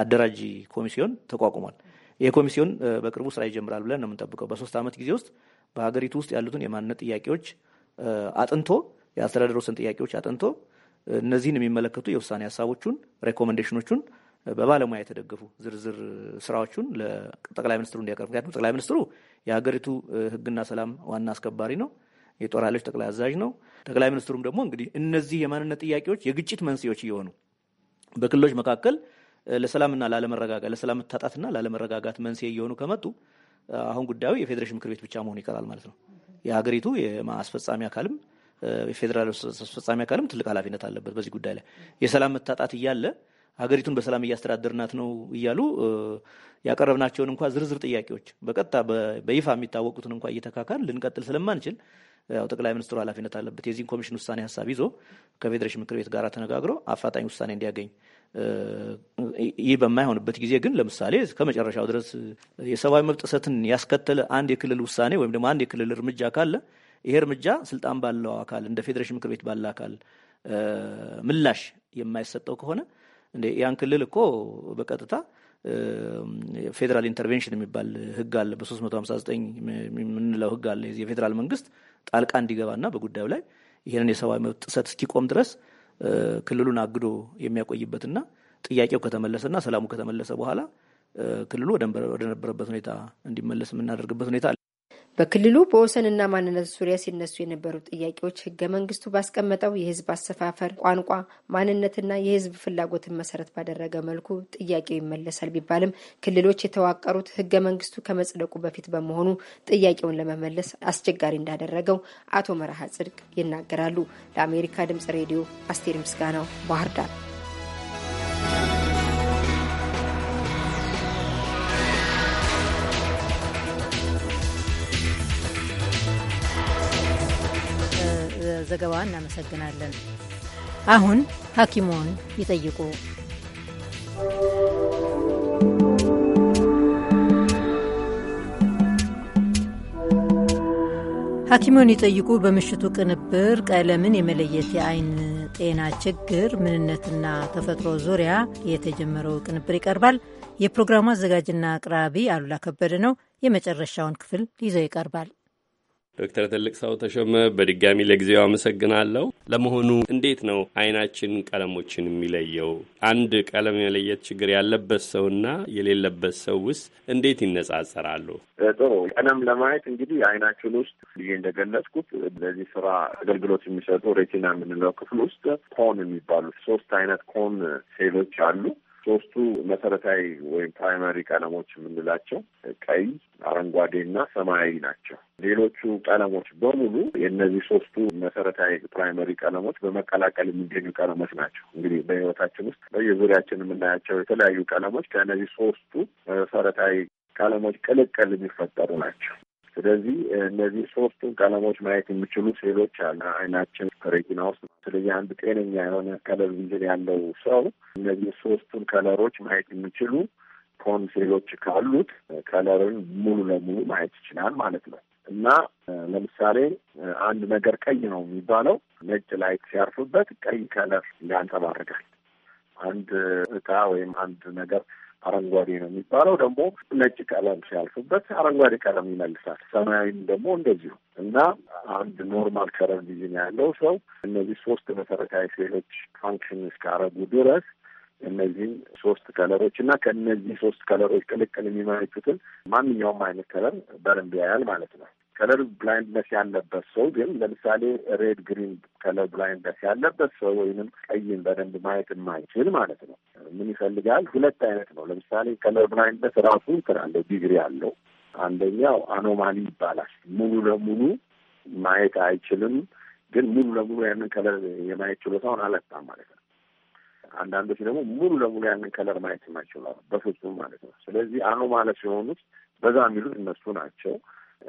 አደራጅ ኮሚሲዮን ተቋቁሟል። ይህ ኮሚሲዮን በቅርቡ ስራ ይጀምራል ብለን ነው የምንጠብቀው። በሶስት ዓመት ጊዜ ውስጥ በሀገሪቱ ውስጥ ያሉትን የማንነት ጥያቄዎች አጥንቶ የአስተዳደር ወሰን ጥያቄዎች አጥንቶ እነዚህን የሚመለከቱ የውሳኔ ሀሳቦቹን ሬኮመንዴሽኖቹን? በባለሙያ የተደገፉ ዝርዝር ስራዎቹን ለጠቅላይ ሚኒስትሩ እንዲያቀርብ። ምክንያቱም ጠቅላይ ሚኒስትሩ የሀገሪቱ ሕግና ሰላም ዋና አስከባሪ ነው። የጦር ኃይሎች ጠቅላይ አዛዥ ነው። ጠቅላይ ሚኒስትሩም ደግሞ እንግዲህ እነዚህ የማንነት ጥያቄዎች የግጭት መንስኤዎች እየሆኑ በክልሎች መካከል ለሰላምና ላለመረጋጋት ለሰላም መታጣትና ላለመረጋጋት መንስኤ እየሆኑ ከመጡ አሁን ጉዳዩ የፌዴሬሽን ምክር ቤት ብቻ መሆን ይቀራል ማለት ነው። የሀገሪቱ የአስፈጻሚ አካልም የፌዴራል አስፈጻሚ አካልም ትልቅ ኃላፊነት አለበት በዚህ ጉዳይ ላይ የሰላም መታጣት እያለ ሀገሪቱን በሰላም እያስተዳደርናት ነው እያሉ ያቀረብናቸውን እንኳ ዝርዝር ጥያቄዎች በቀጥታ በይፋ የሚታወቁትን እንኳ እየተካካል ልንቀጥል ስለማንችል ያው ጠቅላይ ሚኒስትሩ ኃላፊነት አለበት። የዚህን ኮሚሽን ውሳኔ ሀሳብ ይዞ ከፌዴሬሽን ምክር ቤት ጋር ተነጋግሮ አፋጣኝ ውሳኔ እንዲያገኝ። ይህ በማይሆንበት ጊዜ ግን ለምሳሌ ከመጨረሻው ድረስ የሰብአዊ መብት ጥሰትን ያስከተለ አንድ የክልል ውሳኔ ወይም ደግሞ አንድ የክልል እርምጃ ካለ ይሄ እርምጃ ስልጣን ባለው አካል እንደ ፌዴሬሽን ምክር ቤት ባለ አካል ምላሽ የማይሰጠው ከሆነ እንደ ያን ክልል እኮ በቀጥታ ፌዴራል ኢንተርቬንሽን የሚባል ህግ አለ። በ359 የምንለው ህግ አለ። የፌዴራል መንግስት ጣልቃ እንዲገባና በጉዳዩ ላይ ይህንን የሰብአዊ መብት ጥሰት እስኪቆም ድረስ ክልሉን አግዶ የሚያቆይበትና ጥያቄው ከተመለሰና ሰላሙ ከተመለሰ በኋላ ክልሉ ወደነበረበት ሁኔታ እንዲመለስ የምናደርግበት ሁኔታ አለ። በክልሉ በወሰንና ማንነት ዙሪያ ሲነሱ የነበሩ ጥያቄዎች ህገ መንግስቱ ባስቀመጠው የህዝብ አሰፋፈር፣ ቋንቋ፣ ማንነትና የህዝብ ፍላጎትን መሰረት ባደረገ መልኩ ጥያቄው ይመለሳል ቢባልም ክልሎች የተዋቀሩት ህገ መንግስቱ ከመጽደቁ በፊት በመሆኑ ጥያቄውን ለመመለስ አስቸጋሪ እንዳደረገው አቶ መርሃ ጽድቅ ይናገራሉ። ለአሜሪካ ድምጽ ሬዲዮ አስቴር ምስጋናው ባህር ዳር ዘገባዋ እናመሰግናለን። አሁን ሐኪሞን ይጠይቁ ሐኪሞን ይጠይቁ በምሽቱ ቅንብር ቀለምን የመለየት የአይን ጤና ችግር ምንነትና ተፈጥሮ ዙሪያ የተጀመረው ቅንብር ይቀርባል። የፕሮግራሙ አዘጋጅና አቅራቢ አሉላ ከበደ ነው። የመጨረሻውን ክፍል ይዘው ይቀርባል። ዶክተር ትልቅ ሰው ተሾመ በድጋሚ ለጊዜው አመሰግናለሁ። ለመሆኑ እንዴት ነው አይናችን ቀለሞችን የሚለየው? አንድ ቀለም የመለየት ችግር ያለበት ሰውና የሌለበት ሰው ውስጥ እንዴት ይነጻጸራሉ? ጥሩ ቀለም ለማየት እንግዲህ አይናችን ውስጥ ብዬ እንደገለጽኩት ለዚህ ስራ አገልግሎት የሚሰጡ ሬቲና የምንለው ክፍል ውስጥ ኮን የሚባሉ ሶስት አይነት ኮን ሴሎች አሉ። ሶስቱ መሰረታዊ ወይም ፕራይማሪ ቀለሞች የምንላቸው ቀይ፣ አረንጓዴ እና ሰማያዊ ናቸው። ሌሎቹ ቀለሞች በሙሉ የእነዚህ ሶስቱ መሰረታዊ ፕራይመሪ ቀለሞች በመቀላቀል የሚገኙ ቀለሞች ናቸው። እንግዲህ በህይወታችን ውስጥ በየዙሪያችን የምናያቸው የተለያዩ ቀለሞች ከእነዚህ ሶስቱ መሰረታዊ ቀለሞች ቅልቅል የሚፈጠሩ ናቸው። ስለዚህ እነዚህ ሶስቱን ቀለሞች ማየት የሚችሉ ሴሎች አለ አይናችን ሬቲና ውስጥ። ስለዚህ አንድ ጤነኛ የሆነ ከለር ቪዥን ያለው ሰው እነዚህ ሶስቱን ከለሮች ማየት የሚችሉ ኮን ሴሎች ካሉት ከለርን ሙሉ ለሙሉ ማየት ይችላል ማለት ነው። እና ለምሳሌ አንድ ነገር ቀይ ነው የሚባለው ነጭ ላይ ሲያርፍበት ቀይ ከለር ያንጸባርቃል። አንድ እቃ ወይም አንድ ነገር አረንጓዴ ነው የሚባለው ደግሞ ነጭ ቀለም ሲያልፍበት አረንጓዴ ቀለም ይመልሳል። ሰማያዊም ደግሞ እንደዚሁ እና አንድ ኖርማል ከለር ቪዥን ያለው ሰው እነዚህ ሶስት መሰረታዊ ሴሎች ፋንክሽን እስካረጉ ድረስ እነዚህም ሶስት ከለሮች እና ከእነዚህ ሶስት ከለሮች ቅልቅል የሚመለክትን ማንኛውም አይነት ከለር በደንብ ያያል ማለት ነው። ከለር ብላይንድነስ ያለበት ሰው ግን ለምሳሌ ሬድ ግሪን ከለር ብላይንድነስ ያለበት ሰው ወይንም ቀይን በደንብ ማየት የማይችል ማለት ነው። ምን ይፈልጋል? ሁለት አይነት ነው። ለምሳሌ ከለር ብላይንድነስ ራሱ እንትን አለው፣ ዲግሪ አለው። አንደኛው አኖማሊ ይባላል። ሙሉ ለሙሉ ማየት አይችልም፣ ግን ሙሉ ለሙሉ ያንን ከለር የማየት ችሎታውን አለጣም ማለት ነው። አንዳንዶች ደግሞ ሙሉ ለሙሉ ያንን ከለር ማየት የማይችሉ በፍጹም ማለት ነው። ስለዚህ አኖማለ ሲሆኑት በዛ የሚሉት እነሱ ናቸው።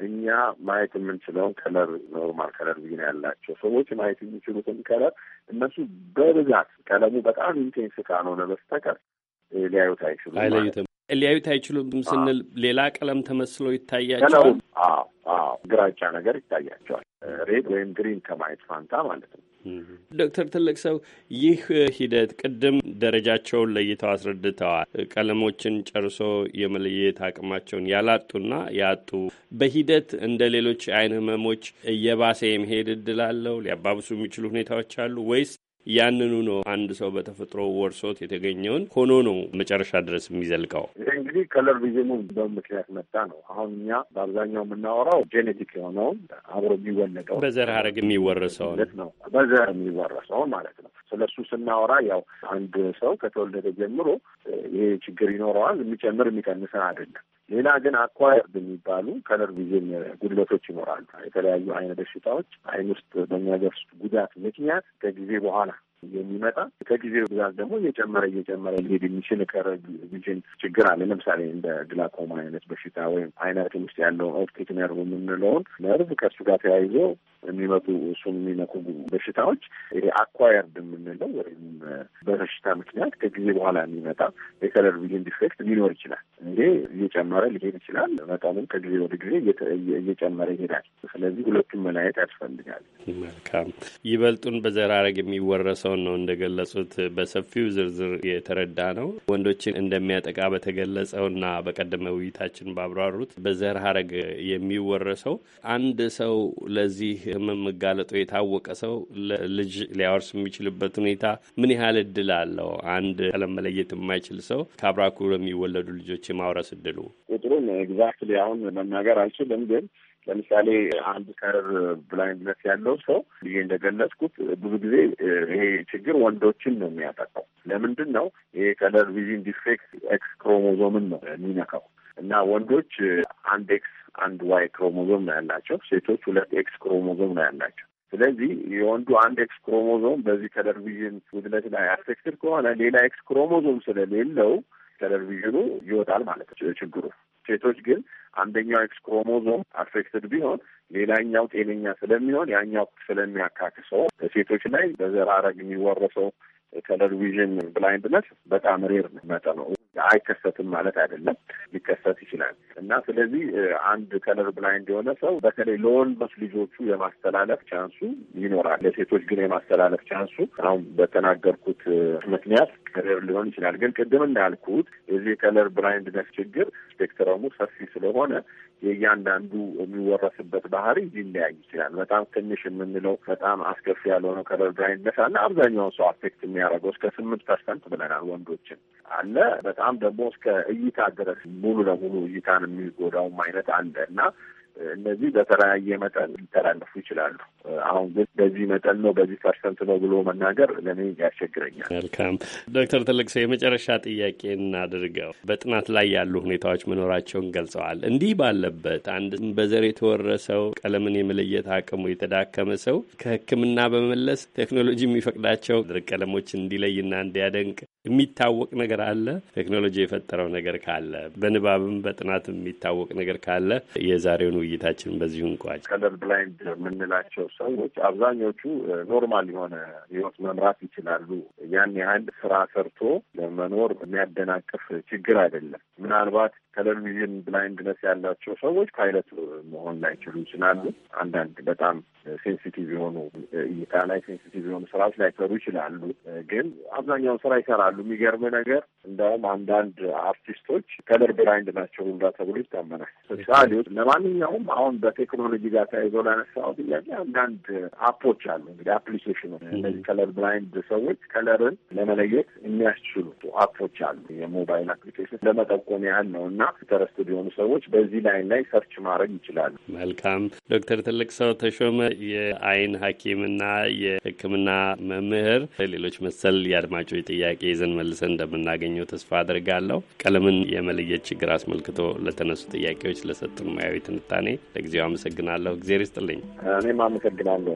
እኛ ማየት የምንችለውን ከለር ኖርማል ከለር ቪዥን ያላቸው ሰዎች ማየት የሚችሉትን ከለር እነሱ በብዛት ቀለሙ በጣም ኢንቴንስ ካልሆነ በስተቀር ሊያዩት አይችሉም። አይለዩትም። ሊያዩት አይችሉም ስንል ሌላ ቀለም ተመስሎ ይታያቸዋል። አዎ፣ አዎ ግራጫ ነገር ይታያቸዋል። ሬድ ወይም ግሪን ከማየት ፋንታ ማለት ነው። ዶክተር ትልቅ ሰው ይህ ሂደት ቅድም ደረጃቸውን ለይተው አስረድተዋል። ቀለሞችን ጨርሶ የመለየት አቅማቸውን ያላጡና ያጡ በሂደት እንደ ሌሎች አይን ህመሞች እየባሰ የመሄድ እድል አለው። ሊያባብሱ የሚችሉ ሁኔታዎች አሉ ወይስ ያንኑ ነው አንድ ሰው በተፈጥሮ ወርሶት የተገኘውን ሆኖ ነው መጨረሻ ድረስ የሚዘልቀው። ይህ እንግዲህ ከለር ቪዥኑ በምክንያት መጣ ነው። አሁን እኛ በአብዛኛው የምናወራው ጄኔቲክ የሆነውን አብሮ የሚወለቀው በዘር ሀረግ የሚወረሰውን ነው፣ በዘር የሚወረሰውን ማለት ነው። እሱ ስናወራ ያው አንድ ሰው ከተወለደ ጀምሮ ይሄ ችግር ይኖረዋል። የሚጨምር የሚቀንስን አይደለም። ሌላ ግን አኳየር የሚባሉ ከለር ጊዜ ጉድለቶች ይኖራሉ። የተለያዩ አይነ በሽታዎች አይን ውስጥ በሚያደርሱት ጉዳት ምክንያት ከጊዜ በኋላ የሚመጣ ከጊዜ ብዛት ደግሞ እየጨመረ እየጨመረ ሊሄድ የሚችል ከረ ቪዥን ችግር አለ። ለምሳሌ እንደ ግላኮማ አይነት በሽታ ወይም አይነት ውስጥ ያለውን ኦፕቲክ ነርቭ የምንለውን ነርቭ ከእሱ ጋር ተያይዞ የሚመጡ እሱን የሚነኩ በሽታዎች ይሄ አኳየርድ የምንለው ወይም በበሽታ ምክንያት ከጊዜ በኋላ የሚመጣ የከለር ቪዥን ዲፌክት ሊኖር ይችላል። እንዴ እየጨመረ ሊሄድ ይችላል። መጠኑም ከጊዜ ወደ ጊዜ እየጨመረ ይሄዳል። ስለዚህ ሁለቱም መለያየት ያስፈልጋል። መልካም ይበልጡን በዘራረግ የሚወረሰው ሁኔታውን ነው እንደገለጹት በሰፊው ዝርዝር የተረዳ ነው። ወንዶችን እንደሚያጠቃ በተገለጸውና በቀደመ ውይይታችን ባብራሩት በዘር ሀረግ የሚወረሰው አንድ ሰው ለዚህ ህመም መጋለጡ የታወቀ ሰው ልጅ ሊያወርስ የሚችልበት ሁኔታ ምን ያህል እድል አለው? አንድ ቀለም መለየት የማይችል ሰው ከአብራኩ ለሚወለዱ ልጆች የማውረስ እድሉ ቁጥሩን ኤግዛክትሊ አሁን መናገር አልችልም ግን ለምሳሌ አንድ ከለር ብላይንድነት ያለው ሰው ይሄ እንደገለጽኩት ብዙ ጊዜ ይሄ ችግር ወንዶችን ነው የሚያጠቃው። ለምንድን ነው ይሄ ከለር ቪዥን ዲፌክት ኤክስ ክሮሞዞምን ነው የሚነካው እና ወንዶች አንድ ኤክስ አንድ ዋይ ክሮሞዞም ነው ያላቸው፣ ሴቶች ሁለት ኤክስ ክሮሞዞም ነው ያላቸው። ስለዚህ የወንዱ አንድ ኤክስ ክሮሞዞም በዚህ ከለር ቪዥን ጉድለት ላይ አፌክትድ ከሆነ ሌላ ኤክስ ክሮሞዞም ስለሌለው ከለር ቪዥኑ ይወጣል ማለት ነው ችግሩ ሴቶች ግን አንደኛው ኤክስ ክሮሞዞም አፌክትድ ቢሆን ሌላኛው ጤነኛ ስለሚሆን ያኛው ስለሚያካክሰው ሴቶች ላይ በዘር ሐረግ የሚወረሰው ከለር ብላይንድነት በጣም ሬር መጠ ነው። አይከሰትም ማለት አይደለም፣ ሊከሰት ይችላል እና ስለዚህ አንድ ከለር ብላይንድ የሆነ ሰው በተለይ ለወንዶች ልጆቹ የማስተላለፍ ቻንሱ ይኖራል። ለሴቶች ግን የማስተላለፍ ቻንሱ አሁን በተናገርኩት ምክንያት ከለር ሊሆን ይችላል። ግን ቅድም እንዳልኩት የዚህ የከለር ብላይንድነስ ችግር ስፔክትረሙ ሰፊ ስለሆነ የእያንዳንዱ የሚወረስበት ባህሪ ሊለያይ ይችላል። በጣም ትንሽ የምንለው በጣም አስከፊ ያልሆነው ከለር ብላይንድነስ አለ። አብዛኛውን ሰው አፌክት የሚያደርገው እስከ ስምንት ፐርሰንት ብለናል ወንዶችን አለ። በጣም ደግሞ እስከ እይታ ድረስ ሙሉ ለሙሉ እይታን የሚጎዳውም አይነት አለ እና እነዚህ በተለያየ መጠን ሊተላለፉ ይችላሉ። አሁን ግን በዚህ መጠን ነው በዚህ ፐርሰንት ነው ብሎ መናገር ለእኔ ያስቸግረኛል። መልካም ዶክተር ትልቅ ሰው የመጨረሻ ጥያቄ እናድርገው። በጥናት ላይ ያሉ ሁኔታዎች መኖራቸውን ገልጸዋል። እንዲህ ባለበት አንድ በዘር የተወረሰው ቀለምን የመለየት አቅሙ የተዳከመ ሰው ከሕክምና በመለስ ቴክኖሎጂ የሚፈቅዳቸው ድርቅ ቀለሞች እንዲለይና እንዲያደንቅ የሚታወቅ ነገር አለ። ቴክኖሎጂ የፈጠረው ነገር ካለ በንባብም በጥናት የሚታወቅ ነገር ካለ የዛሬውን ውይይታችን በዚሁ እንቋጭ። ከለር ብላይንድ የምንላቸው ሰዎች አብዛኞቹ ኖርማል የሆነ ህይወት መምራት ይችላሉ። ያን ያህል ስራ ሰርቶ ለመኖር የሚያደናቅፍ ችግር አይደለም። ምናልባት ከለር ቪዥን ብላይንድነስ ያላቸው ሰዎች ፓይለት መሆን ላይችሉ ይችላሉ። አንዳንድ በጣም ሴንሲቲቭ የሆኑ እይታ ላይ ሴንሲቲቭ የሆኑ ስራዎች ላይሰሩ ይችላሉ። ግን አብዛኛውን ስራ ይሰራሉ ይችላሉ። የሚገርም ነገር እንደውም አንዳንድ አርቲስቶች ከለር ብራይንድ ናቸው ሁላ ተብሎ ይታመናል። ሰዓሊዎች ለማንኛውም አሁን በቴክኖሎጂ ጋር ተያይዞ ላነሳው ጥያቄ አንዳንድ አፖች አሉ እንግዲህ አፕሊኬሽኑ እነዚህ ከለር ብላይንድ ሰዎች ከለርን ለመለየት የሚያስችሉ አፖች አሉ። የሞባይል አፕሊኬሽን ለመጠቆም ያህል ነው እና ኢንተረስትድ የሆኑ ሰዎች በዚህ ላይን ላይ ሰርች ማድረግ ይችላሉ። መልካም ዶክተር ትልቅ ሰው ተሾመ የአይን ሐኪምና የሕክምና መምህር ሌሎች መሰል የአድማጮች ጥያቄ ይዘን መልሰን እንደምናገኝ እንደሚያገኙ ተስፋ አድርጋለሁ። ቀለምን የመለየት ችግር አስመልክቶ ለተነሱ ጥያቄዎች ለሰጡን ሙያዊ ትንታኔ ለጊዜው አመሰግናለሁ። እግዜር ይስጥልኝ። እኔም አመሰግናለሁ።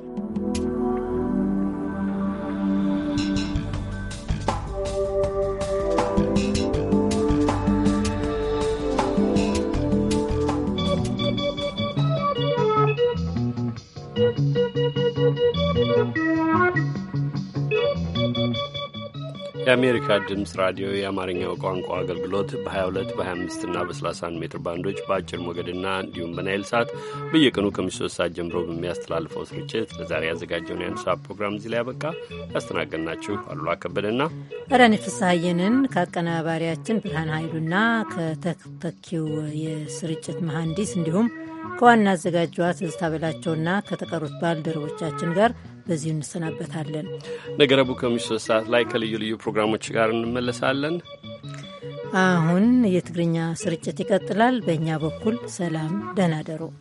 የአሜሪካ ድምፅ ራዲዮ የአማርኛው ቋንቋ አገልግሎት በ22 በ25 እና በ31 ሜትር ባንዶች በአጭር ሞገድና እንዲሁም በናይል ሰዓት በየቀኑ ከምሽቱ ሶስት ሰዓት ጀምሮ በሚያስተላልፈው ስርጭት ለዛሬ ያዘጋጀውን የአንድ ሰዓት ፕሮግራም እዚህ ላይ ያበቃ። ያስተናገድናችሁ አሉላ ከበደና ረኒ ፍስሐየንን ከአቀናባሪያችን ብርሃን ኃይሉና ከተተኪው የስርጭት መሐንዲስ እንዲሁም ከዋና አዘጋጇ ትዝታ በላቸውና ከተቀሩት ባልደረቦቻችን ጋር በዚሁ እንሰናበታለን። ነገ ረቡዕ ከምሽቱ ሶስት ሰዓት ላይ ከልዩ ልዩ ፕሮግራሞች ጋር እንመለሳለን። አሁን የትግርኛ ስርጭት ይቀጥላል። በእኛ በኩል ሰላም፣ ደህና ደሩ።